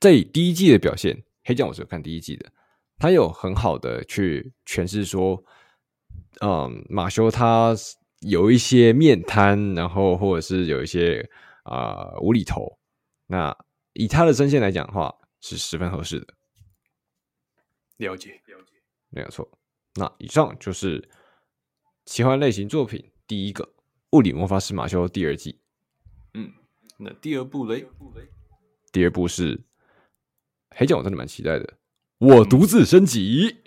這第一季的表現，《黑劍》我是有看第一季的。他有很好的去詮釋說，嗯，馬修他有一些面癱，然後或者是有一些啊、呃、無厘頭，那以他的聲線來講的話是十分合適的。了解了解，沒有錯。那以上就是奇幻類型作品第一個《物理魔法使馬修》第二季。嗯，那第二部嘞？第二部是《黑教》，我真的蠻期待的。我獨自升級，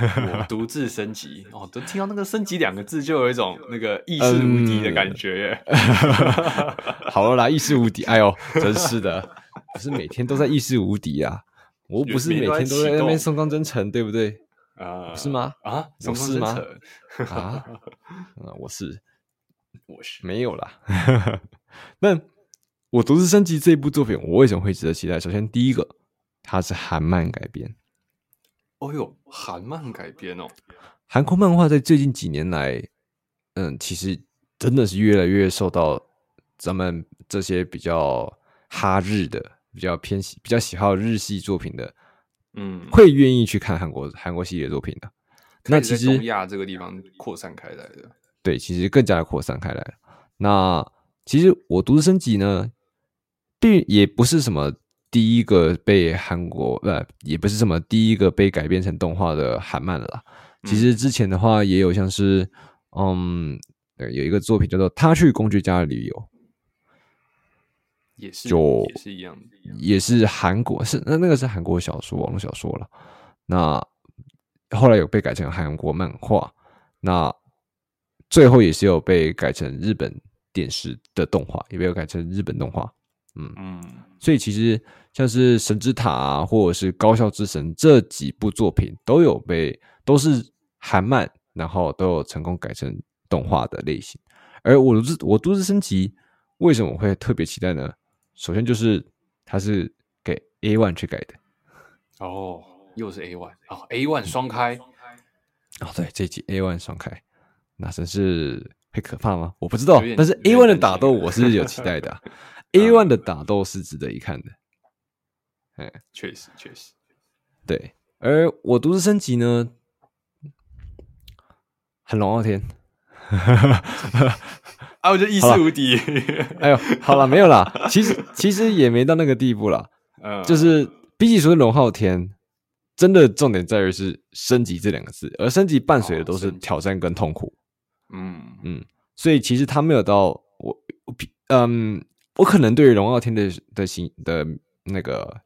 我獨自升級哦！都聽到那個“升級”兩個字，就有一種那個意識無敵的感覺耶。好了啦，意識無敵！哎呦，真是的，不是每天都在意識無敵啊！我不是每天都在那邊送光真誠，對不對啊？是嗎？啊，有事嗎？啊，我是，我是沒有啦。那我獨自升級這部作品，我為什麼會值得期待？首先，第一個，它是韓漫改編。哦呦，韓漫改編哦！韓國漫畫在最近幾年來，嗯，其實真的是越來越受到咱們這些比較哈日的、比較偏喜、比較喜好日系作品的，嗯，會願意去看韓國韓國系列作品的。那其實亞這個地方擴散開來的，對，其實更加的擴散開來。那其實我獨自升級呢，並也不是什麼。第一個被韓國呃，也不是什麼第一個被改編成動畫的韓漫了啦。其實之前的話也有像是嗯，嗯有一個作品叫做《他去公爵家的理由》，也是就也是一樣，一樣，也是韓國是那那個是韓國小說網絡小說了。那後來有被改成韓國漫畫，那最後也是有被改成日本電視的動畫，也有改成日本動畫。嗯嗯，所以其實。像是神之塔啊，或者是高校之神這幾部作品都有被，都是韓漫，然後都有成功改成動畫的類型。而我獨自升級，為什麼會特別期待呢？首先就是它是給 A one 去改的。哦，又是 A one 啊、哦、，A one 雙開、嗯。哦，對，這集 A one 雙開，那真是很可怕嗎？我不知道，但是 A one 的打鬥我是有期待的、啊、 *laughs* ，A one 的打鬥是值得一看的。哎，確實確實，對。而我獨自升級呢，很龍傲天。哈哈哈，啊，我就一思無敵。哎呦，好了， *laughs* 沒有了。其實其實也沒到那個地步了。呃、嗯，就是比起說龍傲天，真的重點在於是升級這兩個字，而升級伴隨的都是挑戰跟痛苦。嗯、哦、嗯，所以其實他沒有到我，嗯、呃，我可能對於龍傲天的的行的，的那個。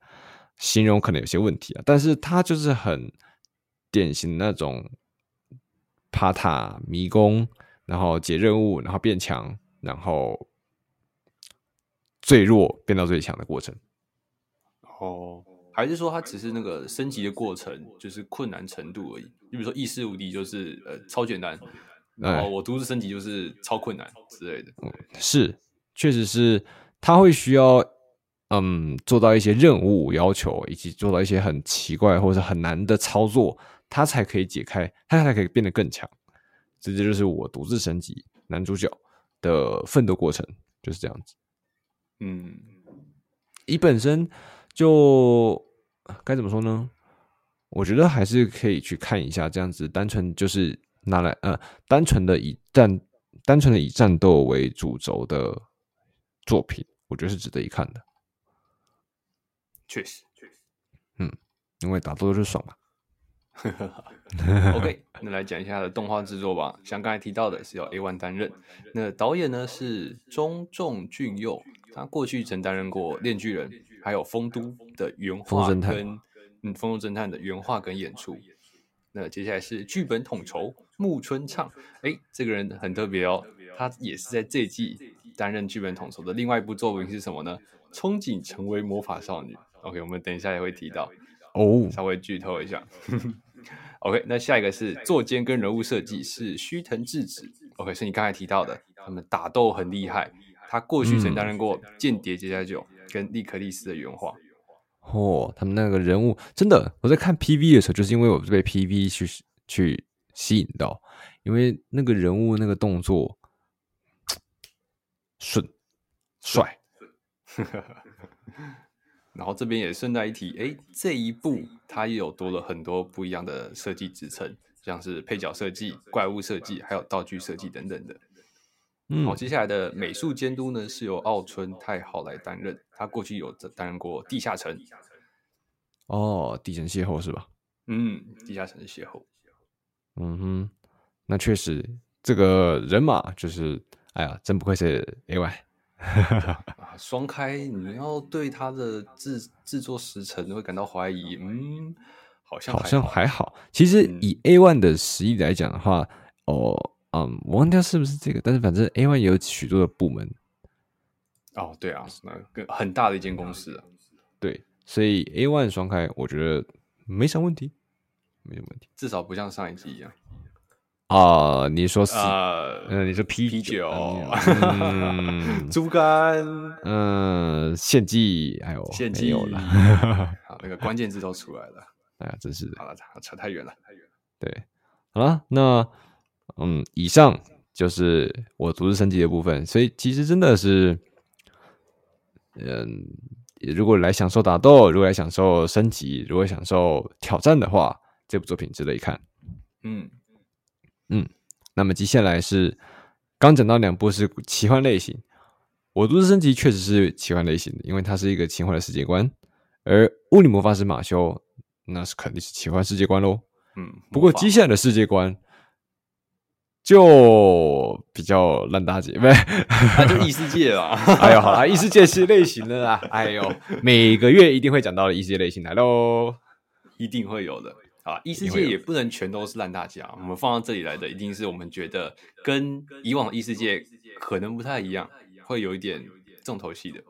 形容可能有些問題啊，但是它就是很典型的那種爬塔迷宮，然後解任務，然後變強，然後最弱變到最強的過程。哦，還是說它只是那個升級的過程，就是困難程度而已？你比如說，意識無敵就是呃超簡，超簡單，然後我獨自升級就是超困難，超困難之類的。嗯，是，確實是，它會需要。嗯，做到一些任務要求，以及做到一些很奇怪或者是很難的操作，它才可以解開，它才可以變得更強。這這就是我獨自升級男主角的奮鬥過程，就是這樣子。嗯，你本身就該怎麼說呢？我覺得還是可以去看一下，這樣子單純就是拿來呃，單純的以戰，單純的以戰鬥為主軸的作品，我覺得是值得一看的。確實，確實，嗯，因為打了就是爽嘛、啊。 *laughs* OK，那來講一下他的動畫制作吧。像剛才提到的是由 A-1 擔任，那導演呢是中仲俊佑，他過去曾擔任過《鏈鋸人》還有《風都》的原畫跟、啊、嗯《風都偵探》的原畫跟演出。那接下來是劇本統籌木村暢，哎、欸，這個人很特別哦，他也是在這一季擔任劇本統籌的。另外一部作品是什麼呢？憧憬成為魔法少女。OK，我們等一下也會提到哦，稍微劇透一下。 *laughs* OK，那下一個是作監跟人物設計是須藤智子。OK，是你剛才提到的，他們打鬥很厲害。嗯、他過去曾擔任過間諜家家酒跟利克利斯的原畫。哦，他們那個人物真的，我在看 PV 的時候，就是因為我被 PV 去去吸引到，因為那個人物那個動作順帥。順順順順 *laughs* 然後這邊也順帶一提，誒，這一部它也有多了很多不一樣的設計職稱，像是配角設計、怪物設計，還有道具設計等等的。嗯，哦，接下來的美術監督呢是由奧村太浩來擔任，他過去有擔任過《地下城》哦，《地下城邂逅》是吧？嗯，《地下城的邂逅》。嗯哼，那確實這個人嘛，就是，哎呀，真不愧是 AY 哈 *laughs* 哈，雙開你要對它的制制作時程會感到懷疑，嗯，好像好，好像還好。其實以 A one 的實力來講的話，嗯、哦，嗯，我忘掉是不是這個，但是反正 A one 也有許多的部門。哦，對啊，是那個很大的一間公司啊。對，所以 A one 雙開，我覺得沒啥問題，沒啥問題，至少不像上一季一樣。啊、uh,，你說是？嗯、uh, 呃，你說啤酒、啤酒嗯、 *laughs* 豬肝，嗯，獻祭，還、哎、有獻祭，有了。 *laughs* 那個關鍵字都出來了。哎、啊、呀，真是的。好了，扯太遠了，太遠了。對，好了，那嗯，以上就是我獨自升級的部分。所以其實真的是，嗯，如果來享受打鬥，如果來享受升級，如果享受挑戰的話，這部作品值得一看。嗯。嗯，那麼接下來是剛講到兩部是奇幻類型，《我獨自升級》確實是奇幻類型的，因為它是一個奇幻的世界觀；而《物理魔法使馬修》那是肯定是奇幻世界觀嘍。嗯，不過接下來的世界觀就比較爛大街，唄、嗯，那就異世界了。 *laughs* *laughs* 哎呦，好啦，異 *laughs* 世界是類型的啦，哎呦，每個月一定會講到的異世界類型來嘍，一定會有的。啊，異世界也不能全都是爛大街啊！我們放到這裡來的，一定是我們覺得跟以往異世界可能不太一樣，會有一點重頭戲的。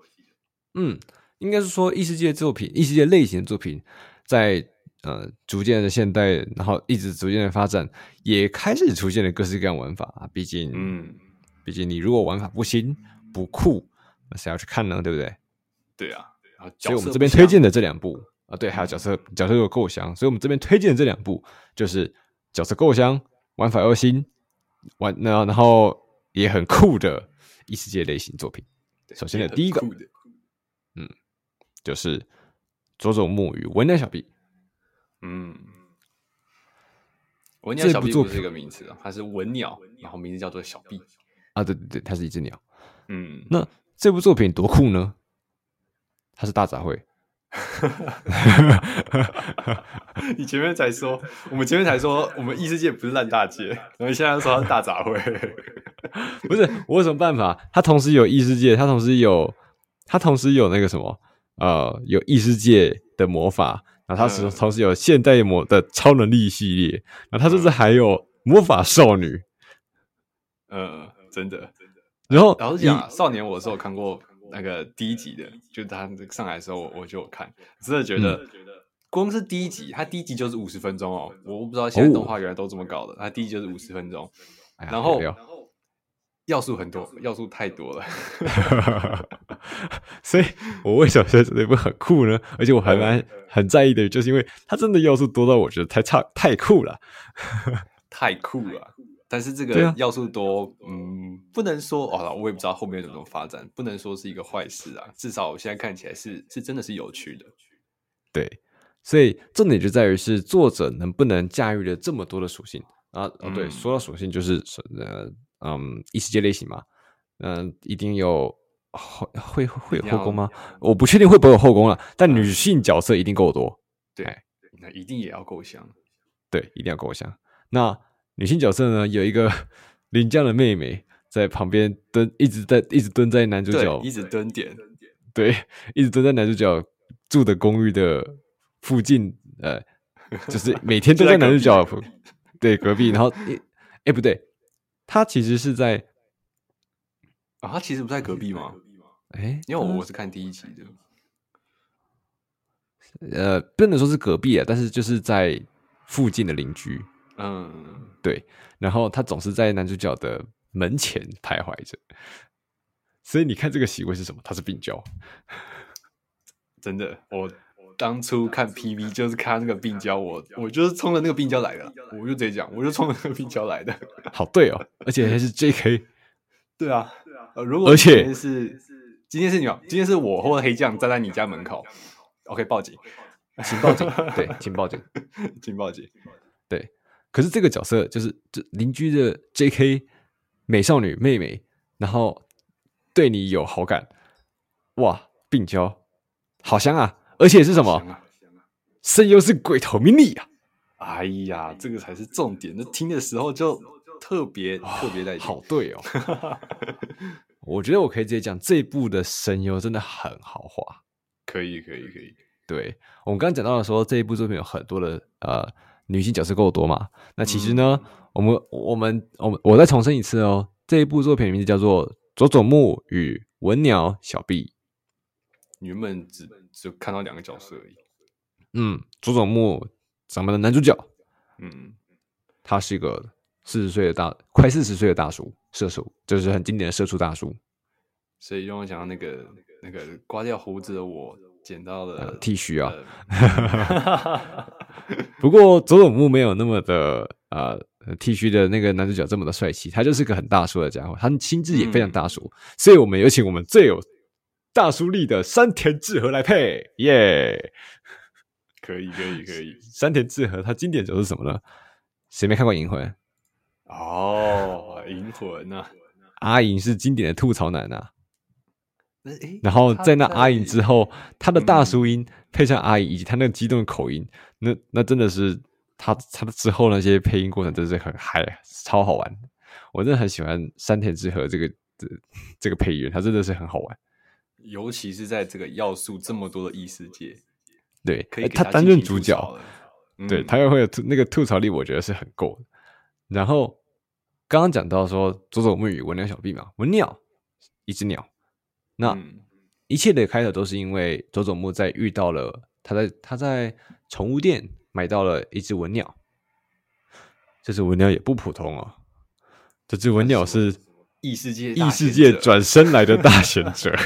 嗯，應該是說異世界作品、異世界類型的作品在，在呃逐漸的現代，然後一直逐漸的發展，也開始出現了各式各樣玩法啊！畢竟，嗯，畢竟你如果玩法不新不酷，那誰要去看呢？對不對？對啊，對啊，所以我們這邊推薦的這兩部。啊、對，還有角色、嗯、角色有夠香，所以我們這邊推薦的這兩部就是角色夠香，玩法要新，玩那、啊、然後也很酷的異世界類型作品對。首先的第一個，嗯，就是佐佐木與文鳥小嗶。嗯，文鳥小嗶不是一個名字，啊，它是文鳥文，然後名字叫做小嗶啊。對對對，它是一隻鳥。嗯，那這部作品多酷呢？它是大雜燴。 *laughs* *laughs* 你前面才說，我們前面才說，我們異世界不是爛大街，我們現在說它是大雜燴， *laughs* 不是我有什麼辦法？它同時有異世界，它同時有，它同時有那個什麼，呃，有異世界的魔法，然後它同時有現代魔的超能力系列，嗯、然後它甚至還有魔法少女，呃、嗯，真的真的。然後老實講，少年我的時候有看過。那個第一集的，就他上來的時候，我就看，真的覺得光是第一集，他第一集就是五十分鐘哦，我不知道現在動畫原來都這麼搞的，他第一集就是五十分鐘，哦、然後，然後，然後，然後要素很多，要素太多了，多了 *laughs* *laughs* 所以我為什麼覺得這部很酷呢？而且我還蠻很在意的，就是因為他真的要素多到我覺得太差太酷了，太酷了。 *laughs* 太酷了但是這個要素多，啊、嗯，不能說哦，我也不知道後面怎麼發展，不能說是一個壞事啊。至少我現在看起來是是真的是有趣的，對。所以重點就在於是作者能不能駕馭了這麼多的屬性啊、嗯哦？對，說到屬性就是呃，嗯，異世界類型嘛，嗯，一定有會會有後宮嗎？我不確定會不會有後宮了、啊，但女性角色一定夠多，對，那一定也要夠香，對，一定要夠香。那女性角色呢，有一個鄰家的妹妹在旁邊蹲，一直在一直蹲在男主角一直蹲點，一直蹲點，對，一直蹲在男主角住的公寓的附近，呃，就是每天都在男主角 *laughs* 隔隔對隔壁，然後哎、 *laughs* 欸欸、不對，他其實是在啊，他其實不是在隔壁嘛，哎、欸，因為我，我是看第一集的、嗯嗯，呃，不能說是隔壁啊，但是就是在附近的鄰居。嗯，對。然後他總是在男主角的門前徘徊着，所以你看這個席位是什麼？他是病嬌，真的。我當初看 PV 就是看那個病嬌，我我就是衝了那個病嬌來，來的。我就直接講，我就衝了那個病嬌來的。好對哦，而且還是 JK。對啊，對、呃、啊。如果今天是而且是今天是你，哦，今天是我或者黑醬站在你家門口，我家門口，OK，報警，我可以報警，請報警， *laughs* 對，請報警， *laughs* 請報警，對。可是這個角色就是，就鄰居的 JK 美少女妹妹，然後對你有好感，哇，病嬌，好香啊！而且是什麼？聲優、啊、是鬼頭明里啊！哎呀，這個才是重點。那聽的時候就特別、哦、特別在意。好對哦， *laughs* 我覺得我可以直接講這一部的聲優真的很豪華。可以，可以，可以。對我們剛剛講到的時候，這一部作品有很多的呃。女性角色夠多嘛？那其實呢，嗯、我們我們我我再重申一次哦，這一部作品名字叫做《佐佐木與文鳥小嗶》。你原本只只看到兩個角色而已。嗯，佐佐木，咱們的男主角。嗯，他是一個四十歲的大，快四十歲的大叔，社畜，就是很經典的社畜大叔。所以讓我想到那個那個刮掉鬍子的我。剪刀的剃鬚啊，啊嗯、 *laughs* *laughs* *laughs* 不過佐佐木沒有那麼的啊，剃、呃、鬚的那個男主角這麼的帥氣，他就是個很大叔的家伙，他心智也非常大叔，嗯、所以我們有請我們最有大叔力的杉田智和來配，耶、yeah!！可以，可以，可以。杉田智和他經典角色是什麼呢？誰沒看過《銀魂》？哦，啊《銀 *laughs* 魂啊》啊。啊啊啊阿銀是經典的吐槽男啊。然後在那阿姨之後他，他的大叔音配上阿姨以及他那個激動的口音，嗯、那那真的是他他之後那些配音過程真的是很嗨，超好玩。我真的很喜歡山田智和這個、這個、這個配音，他真的是很好玩。尤其是在這個要素這麼多的異世界，對，他擔任主角，嗯、對他又會有那個吐槽力，我覺得是很夠的。然後剛剛講到說佐佐木與文鳥小嗶嘛，文鳥，一只鳥。那、嗯、一切的開頭都是因為佐佐木在遇到了他在他在寵物店買到了一隻文鳥，這隻文鳥也不普通哦，這隻文鳥是異世界異世界轉生來的大賢者， *laughs*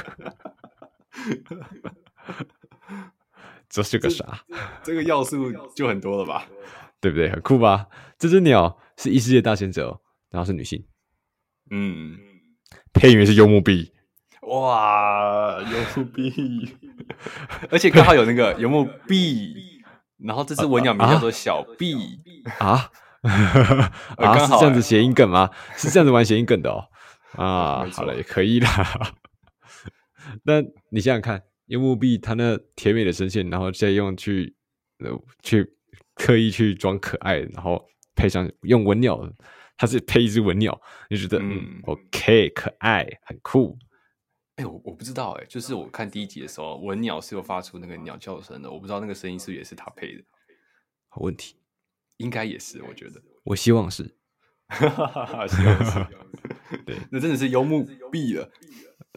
*laughs* 這是個啥這？這個要素就很多了吧？ *laughs* 對不對？很酷吧？這隻鳥是異世界大賢者，然後是女性，嗯，配音是悠木碧。 *laughs* 哇，悠木碧， *laughs* 而且剛好有那個悠木碧，B，然後這只文鳥名叫做小嗶啊啊，啊， *laughs* 啊好好，是這樣子諧音梗嗎？是這樣子玩諧音梗的哦 *laughs* 啊，好了，也可以啦。 *laughs* 那你想想看，悠木碧他那甜美的聲線，然後再用去呃去刻意去裝可愛，然後配上用文鳥，它是配一只文鳥，你覺得嗯，嗯，OK，可愛，很酷。哎、欸，我我不知道哎、欸，就是我看第一集的時候，文鳥是有發出那個鳥叫聲的，我不知道那個聲音是不是也是他配的。好問題，應該也是，我覺得，我希望是。哈哈哈，希望是。 *laughs* 對, *laughs* 對，那真的是幽默斃了,了。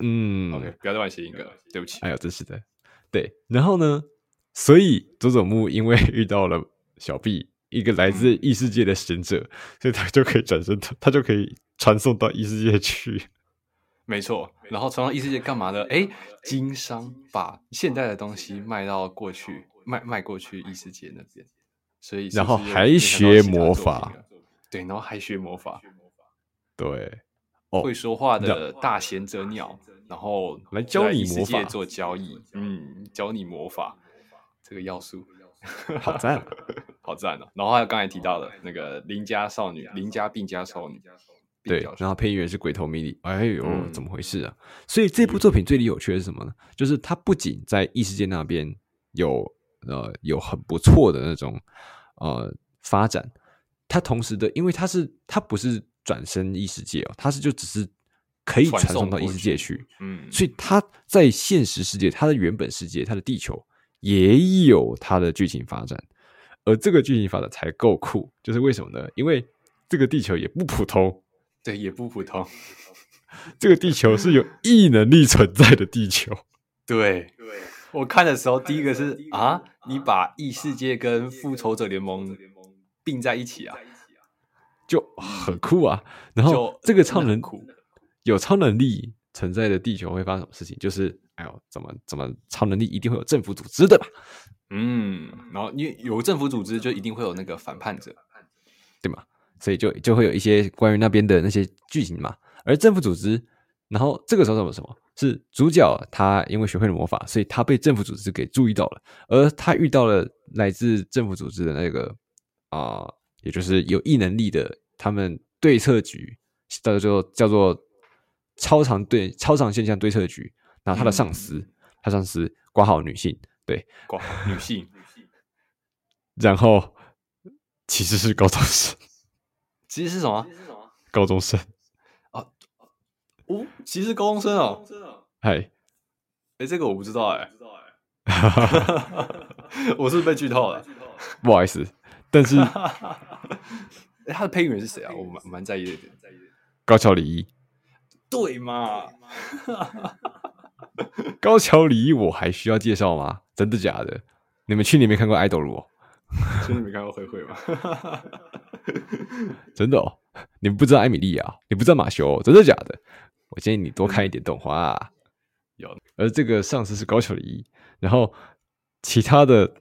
嗯，okay, 不要再玩諧音梗了，對不起。哎呦，真是的。對，然後呢？所以佐佐木因為遇到了小 B，一個來自異世界的賢者、嗯，所以他就可以轉身，他就可以傳送到異世界去。沒錯，然後傳到異世界幹嘛的？哎、欸，經商，把現代的東西賣到過去，賣賣過去異世界那邊。所以是是，然後還學魔法，對，然後還學魔法，對，哦、會說話的大賢者鳥，然後來，來教你魔法做交易，嗯，教你魔法這個要素， *laughs* 好讚讚、啊，好讚的。然後還有剛才提到的那個鄰家少女，鄰家病嬌少女。對，然後配音員是鬼頭明里，哎呦、嗯，怎麼回事啊？所以這部作品最裡有趣的是什麼呢？哎？就是它不僅在異世界那邊有呃有很不錯的那種呃發展，它同時的，因為它是他不是轉生異世界哦，它是就只是可以傳送到異世界去，去。嗯，所以它在現實世界，它的原本世界，它的地球也有它的劇情發展，而這個劇情發展才夠酷。就是為什麼呢？因為這個地球也不普通。對，也不普通。 *laughs* 這個地球是有異能力存在的地球。 *laughs* 對，我看的時候，第一個是啊，你把異世界跟復仇者聯盟並在一起啊，就很酷啊。然後這個超能，酷，有超能力存在的地球會發生什麼事情？就是哎呦，怎麼怎麼，超能力一定會有政府組織的吧？嗯，然後你有政府組織，就一定會有那個反叛者，反叛者，對嗎？所以就就會有一些關於那邊的那些劇情嘛。而政府組織，然後這個時候什麼什麼是主角？他因為學會了魔法，所以他被政府組織給注意到了。而他遇到了來自政府組織的那個啊、呃，也就是有異能力的他們對策局，大家叫做超常對超常現象對策局。那他的上司、嗯，他上司掛好女性，對掛好女性， *laughs* 女性然後其實是高中生。其實，其實是什麼？高中生啊？哦、喔，其實是高中生哦、喔。高中生啊？哎、欸，這個我不知道哎、欸。知道哎。我是被劇透， *laughs* 透了。不好意思，但是， *laughs* 欸、他的配音員是誰啊？我蠻在意的。高橋李依。對嘛？高橋李依，我還需要介紹嗎？真的假的？你們去年沒看過《愛鬥羅》？去年沒看過《灰灰》嗎？ *laughs* 真的哦，你不知道艾米莉啊，你不知道馬修，哦，真的假的？我建議你多看一點動畫，啊。有，而這個上司是高橋李依，然後其他的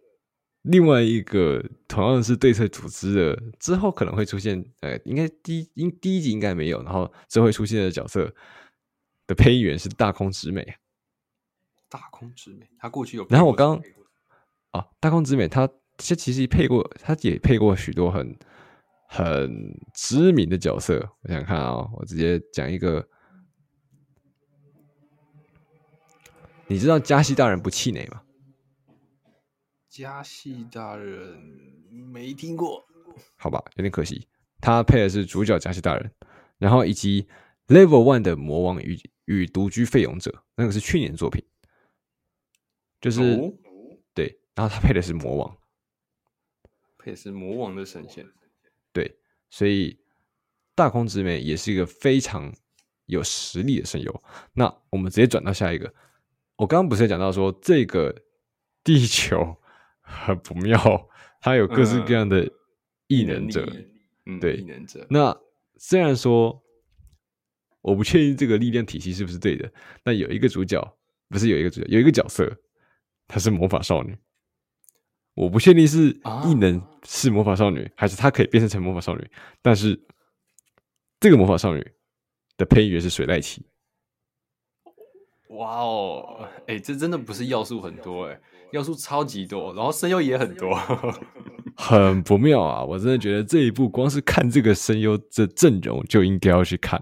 另外一個同樣是對策組織的，之後可能會出現，呃，應該第，第第一集應該沒有，然後之後會出現的角色的配音員是大空直美剛剛，啊，大空直美，他過去有，然後我剛，哦，大空直美，他其實配過，他也配過許多很。很知名的角色，我想看啊、哦！我直接講一個，你知道加西大人不氣餒嗎？加西大人沒聽過，好吧，有點可惜。他配的是主角加西大人，然後以及 Level One 的魔王與與獨居廢勇者，那個是去年作品，就是、哦、對，然後他配的是魔王，配的是魔王的神仙。對，所以大空直美也是一個非常有實力的聲優。那我們直接轉到下一個。我剛剛不是也講到說，這個地球很不妙，它有各式各樣的異能者。嗯嗯對。嗯，異能者。那雖然說我不確定這個力量體系是不是對的，但有一個主角，不是有一個主角，有一個角色，她是魔法少女。我不確定是異能是魔法少女，啊、還是她可以變身成魔法少女。但是這個魔法少女的配音員是誰來着？哇哦，哎、欸，這真的不是要素很多哎、欸，要素超級多，然後聲優也很多， *laughs* 很不妙啊！我真的覺得這一部光是看這個聲優這陣容就應該要去看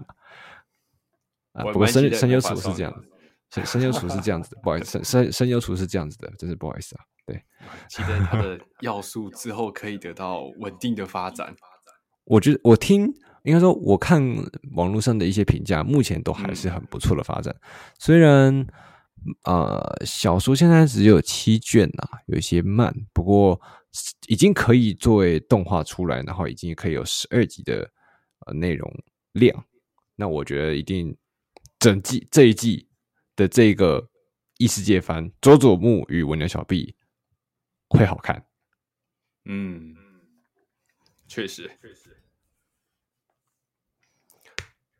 啊，不過聲聲優廚是這樣的，聲聲優廚是這樣子的，不好意思，聲聲聲優廚是這樣子的，真是不好意思啊。對，期待它的要素之後可以得到穩定的發展。 *laughs* 我覺得我聽應該說，我看網絡上的一些評價，目前都還是很不錯的發展。嗯、雖然呃，小說現在只有七卷啊，有一些慢，不過已經可以作為動畫出來，然後已經可以有十二集的、呃、內容量。那我覺得一定整季這一季的這個異世界番《佐佐木與文鳥小嗶》，會好看，嗯，確實，確實。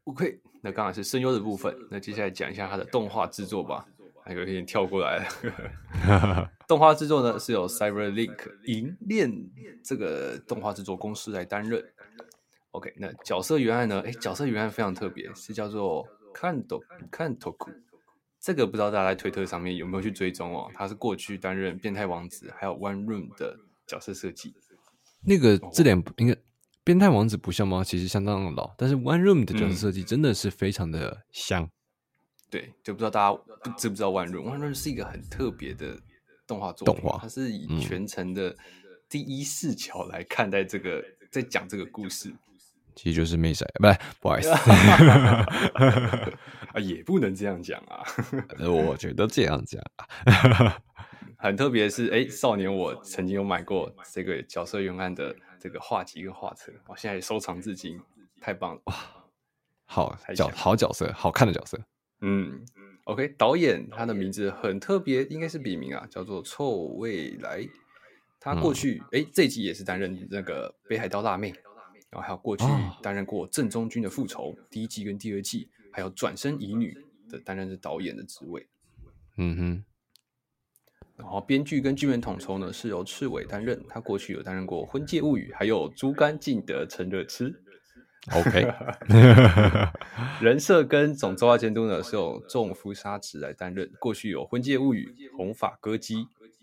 OK，那剛好是聲優的部分，那接下來講一下它的動畫製作吧。還有一點跳過來了。 *laughs* 動畫製作呢，是由 Cyber Link 銀鏈，鏈這個動畫製作公司來擔任。OK，那角色原案呢？哎，角色原案非常特別，是叫做 Kantoku，Kantoku。這個不知道大家在推特上面有沒有去追蹤哦？他是過去擔任《變態王子》還有《One Room》的角色設計。那個這不應該《變態王子》不像嗎？其實相當的老，但是《One Room》的角色設計真的是非常的像，嗯。對，就不知道大家不知不知道《One Room》？《One Room》是一個很特別的動畫作品，動畫，它是以全程的第一視角來看待這個，在講這個故事。其實就是沒仔，不然不好意思，哈、 *laughs* 啊，也不能這樣講啊。呃，我覺得這樣講、啊， *laughs* 很特別是，哎、欸，少年，我曾經有買過這個《角色原案》的這個畫集跟畫冊，我現在收藏至今，太棒了哇！好角，好角色，好看的角色，嗯，OK，導演他的名字很特別，應該是筆名啊，叫做“臭未來”。他過去，哎、嗯欸，這一集也是擔任那個北海道辣妹。然後還有過去擔任過《正宗君的復仇》oh. 第一季跟第二季，還有《轉身乙女》的擔任著導演的職位。嗯哼。然後編劇跟劇本統籌呢是由赤尾擔任，他過去有擔任過《婚戒物語》，還有朱甘痴《豬肝盡得趁熱吃》。OK。 *laughs* *laughs* *laughs* 人設跟總策劃監督呢是由重夫沙子來擔任，過去有《婚戒物語》《紅髮歌姬》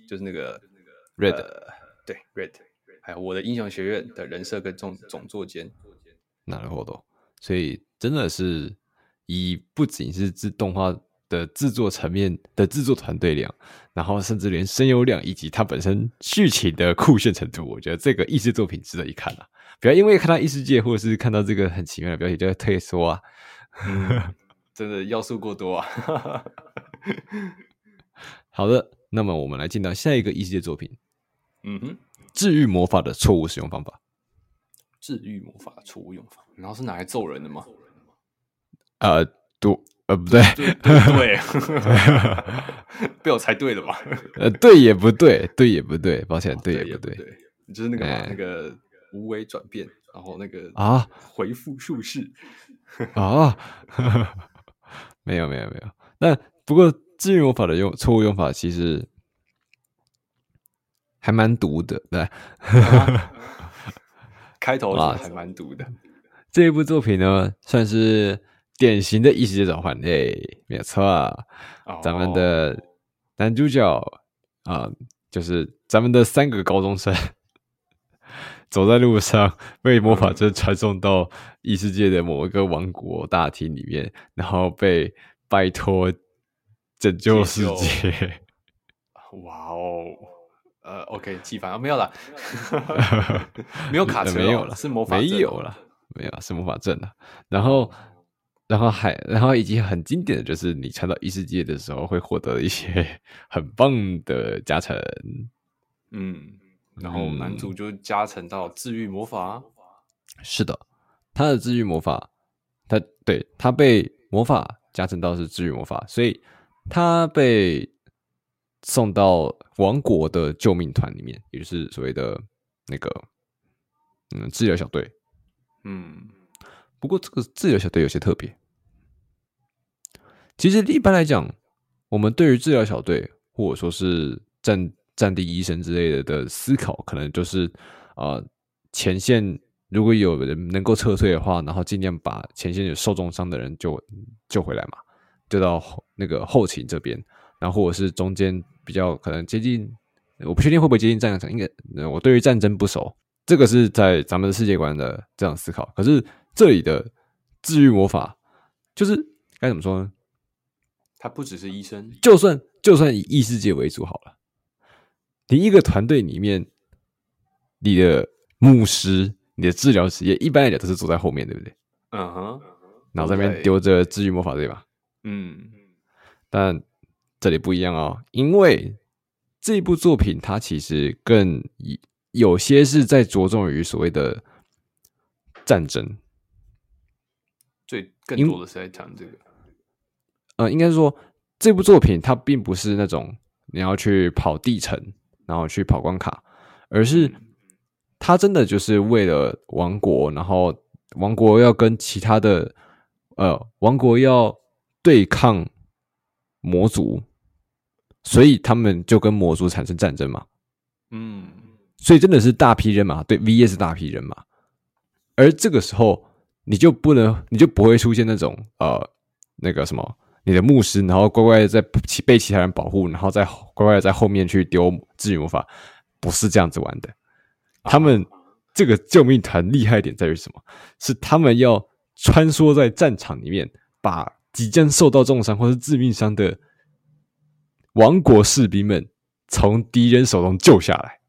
就是那個，就是那個 Red，、uh, 對 Red。哎，我的英雄學院的人設跟總總作監哪個好多？所以真的是以不僅是自動畫的制作層面的制作團隊量，然後甚至連聲優量以及它本身劇情的酷炫程度，我覺得這個異世界作品值得一看啊！不要因為看到異世界或者是看到這個很奇妙的標題就要退縮啊！嗯、 *laughs* 真的要素過多啊！ *laughs* 好的，那麼我們來進到下一個異世界作品。嗯哼。治愈魔法的錯誤使用方法。治愈魔法的錯誤用法，然後是拿來揍人的嗎？呃，都呃不對，對， *laughs* 被我猜對了吧？呃，對也不對，對也不對，抱歉，對也不對。啊、對不對你就是那個、嗯、那個無為轉變，然後那個啊，回復術士啊 *laughs* 沒，沒有沒有沒有。那不過治愈魔法的用錯誤用法其實。還蠻毒的，對， *laughs* 開頭啊還蠻毒的、 *laughs* 啊。這一部作品呢，算是典型的異世界召喚類，沒錯。咱們的男主角啊、oh. 嗯，就是咱們的三個高中生，走在路上被魔法陣傳送到異世界的某一個王國大廳裡面，然後被拜託拯救世界。哇哦！Wow. 呃，OK，氣法啊，沒有了、 *laughs* 喔啊，沒有卡車，沒有了，是魔法陣、喔，沒有了，沒有了，是魔法陣的。然後，然後還，然後，以及很經典的就是，你穿到異世界的時候，會獲得一些很棒的加成。嗯，然後男主就加成到治癒魔法、嗯。是的，他的治癒魔法，他對他被魔法加成到是治癒魔法，所以他被。送到王國的救命團裡面，也就是所謂的那個嗯治療小隊。嗯，不過這個治療小隊有些特別。其實一般來講，我們對於治療小隊或者說是戰戰地醫生之類的的思考，可能就是啊、呃，前線如果有人能夠撤退的話，然後盡量把前線有受重傷的人就救回來嘛，就到後那個後勤這邊，然後或者是中間。比較可能接近，我不確定會不會接近戰場。因為我對於戰爭不熟，這個是在咱們世界觀的這樣的思考。可是這裡的治癒魔法，就是該怎麼說呢？它不只是醫生，就算就算以異世界為主好了。你一個團隊裡面，你的牧師、你的治療職業，一般來講都是走在後面對不對？嗯哼，然後在那邊丟着治癒魔法對吧？嗯、uh -huh.，但。這裡不一樣哦，因為這部作品它其實更有些是在着重於所謂的戰爭，最更多的是在講這個。呃，應該是說這部作品它並不是那種你要去跑地城，然後去跑關卡，而是它真的就是為了王國，然後王國要跟其他的呃王國要對抗。魔族，所以他們就跟魔族產生戰爭嘛，嗯，所以真的是大批人馬對 VS 大批人馬，而這個時候你就不能，你就不會出現那種呃那個什麼，你的牧師然後乖乖在被其他人保護，然後在乖乖在後面去丟治癒魔法，不是這樣子玩的。他們這個救命團厲害一點在於什麼？是他們要穿梭在戰場裡面把。即將受到重傷或者致命傷的王國士兵們從敵人手中救下來。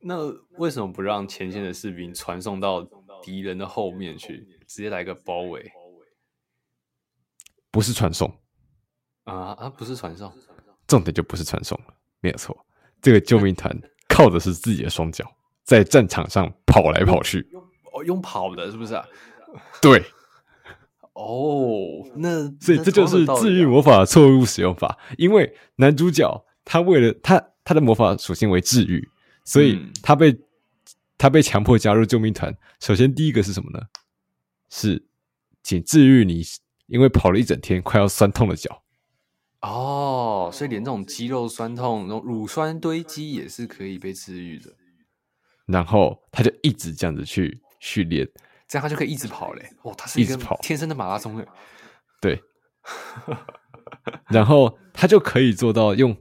那為什麼不讓前線的士兵傳送到敵人的後面去，直接來個包圍？不是傳送啊啊，不是傳送，重點就不是傳送了，沒有錯。這個救命團靠的是自己的雙腳，在戰場上跑來跑去，用用，用跑的，是不是？啊？對。哦、oh,，那所以這就是治癒魔法的錯誤使用法。嗯，因為男主角他為了他他的魔法屬性為治癒，所以他被、嗯、他被強迫加入救命團。首先第一個是什麼呢？是僅治癒你，因為跑了一整天快要酸痛的腳。哦、oh,，所以連這種肌肉酸痛，那種乳酸堆積也是可以被治癒的。然後他就一直這樣子去訓練。這樣他就可以一直跑嘞！哦，他是一直跑，天生的馬拉松。對， *laughs* 然後他就可以做到用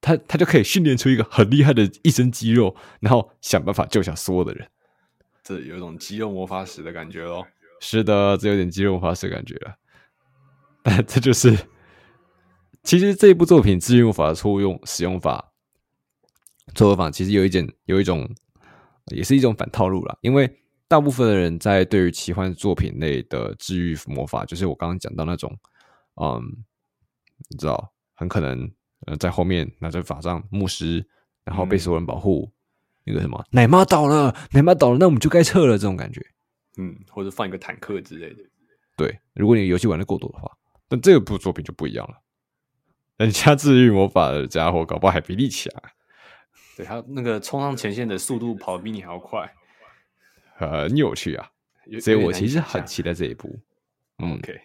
他，他就可以訓練出一個很厲害的一身肌肉，然後想辦法救下所有的人。這有一種肌肉魔法使的感覺咯。是的，這有點肌肉魔法使的感覺了。但這就是其實這一部作品自用法、錯誤用、使用法、做法，法，其實有一點有一種、呃，也是一種反套路了，因為。大部分的人在對於奇幻作品類的治癒魔法，就是我剛剛講到那種，嗯，你知道，很可能呃，在後面拿着法杖，牧師，然後被所有人保護，那、嗯、個什麼奶媽倒了，奶媽倒了，那我們就該撤了，這種感覺，嗯，或者放一個坦克之類的，對，如果你遊戲玩的夠多的話，但這部作品就不一樣了，人家治癒魔法的家伙，搞不好還比你強、啊， *laughs* 對他那個衝上前線的速度，跑的比你還要快。很有趣啊，所以我其實很期待這一部。嗯，有點有點，OK。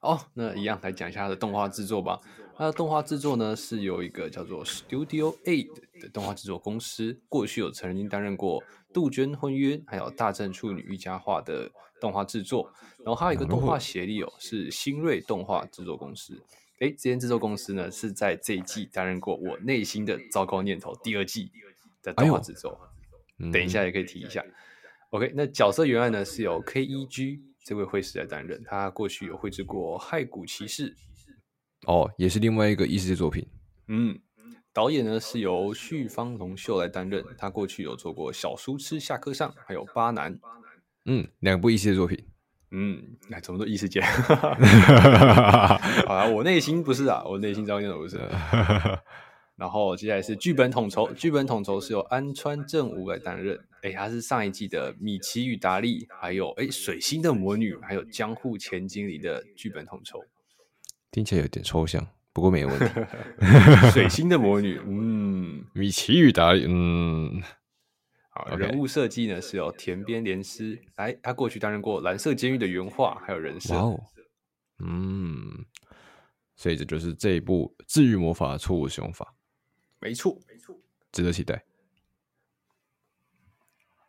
哦，那一樣來講一下它的動畫製作吧。它的動畫製作呢，是由一個叫做 Studio A 的動畫製作公司，過去有曾經擔任過《杜鵑婚約》還有《大正處女御伽話》的動畫製作。然後還有一個動畫協力哦，是新銳動畫製作公司。誒、欸，這間製作公司呢，是在這一季擔任過《我內心的糟糕念頭》第二季的動畫製作。嗯、等一下也可以提一下，OK。那角色原案呢，是由 K E G 這位繪師來擔任，他過去有繪製過《骸骨騎士》，哦，也是另外一個異世界作品。嗯，導演呢是由旭方龍秀來擔任，他過去有做過《小書痴下剋上》還有《巴南》，嗯，兩部異世界作品。嗯，那怎麼都異世界？啊？哈 *laughs* 好了， *laughs* 我內心不是啊，我內心照樣不是，啊。 *laughs* 然後接下來是劇本統籌，劇本統籌是由安川正吾來擔任。誒，她是上一季的《米奇與達利》，還有《誒水星的魔女》，還有《江戶前精靈》的劇本統籌。聽起來有點抽象，不過沒有問題。 *laughs* 水星的魔女， *laughs* 嗯。米奇與達利，嗯。好，人物設計呢、okay. 是由田邊蓮師誒。她過去擔任過《藍色監獄》的原畫，還有人設。哇哦，嗯。所以這就是這一部《治癒魔法的錯誤使用法》。沒錯，沒錯，值得期待。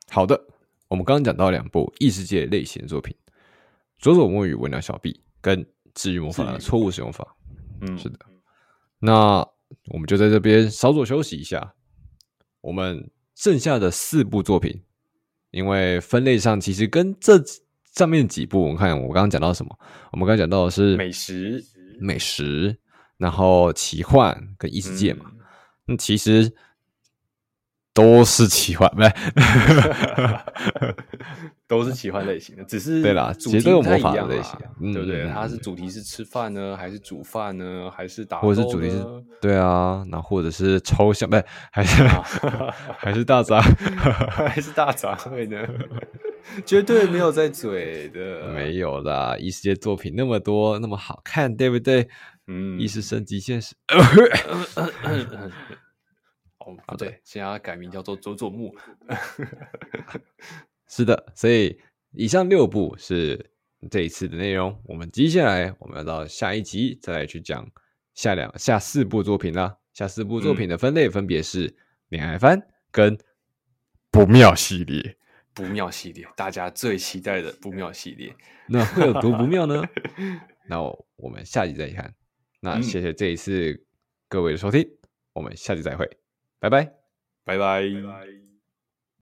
好的，我們剛剛講到兩部異世界類型的作品，左左摸《佐佐木與文鳥小嗶》跟《治癒魔法的錯誤使用法》法。嗯，是的。那我們就在這邊稍作休息一下。我們剩下的四部作品，因為分類上其實跟這上面幾部，我們看我剛剛講到什麼？我們剛剛講到的是美食，美食，美食，然後奇幻跟異世界嘛。嗯嗯，其實都是奇幻，不是， *laughs* 都是奇幻類型的，只是對啦，只是魔法類型、魔法類型啊啊嗯，對不對？它是主題是吃飯呢，還是煮飯呢，還是打？或者是主題是？對啊，那或者是抽象，不、哎、是？還是、啊、還是大雜， *laughs* 還是大雜燴 *laughs* *laughs* 呢？絕對沒有在嘴的，沒有啦！異世界作品那麼多，那麼好看，對不對？嗯，意識升級現實。嗯、 *laughs* 哦，不對，現在要改名叫做佐佐木。 *laughs* *laughs* 是的，所以以上六部是這一次的內容。我們接下來我們要到下一集再來去講下兩下四部作品啦。下四部作品的分類分別是戀愛番跟不妙系列。不妙系列，大家最期待的不妙系列， *laughs* 那會有多不妙呢？那我，我們下一集再看。那謝謝這一次各位的收聽，嗯，我們下期再會，拜拜，拜拜。拜拜。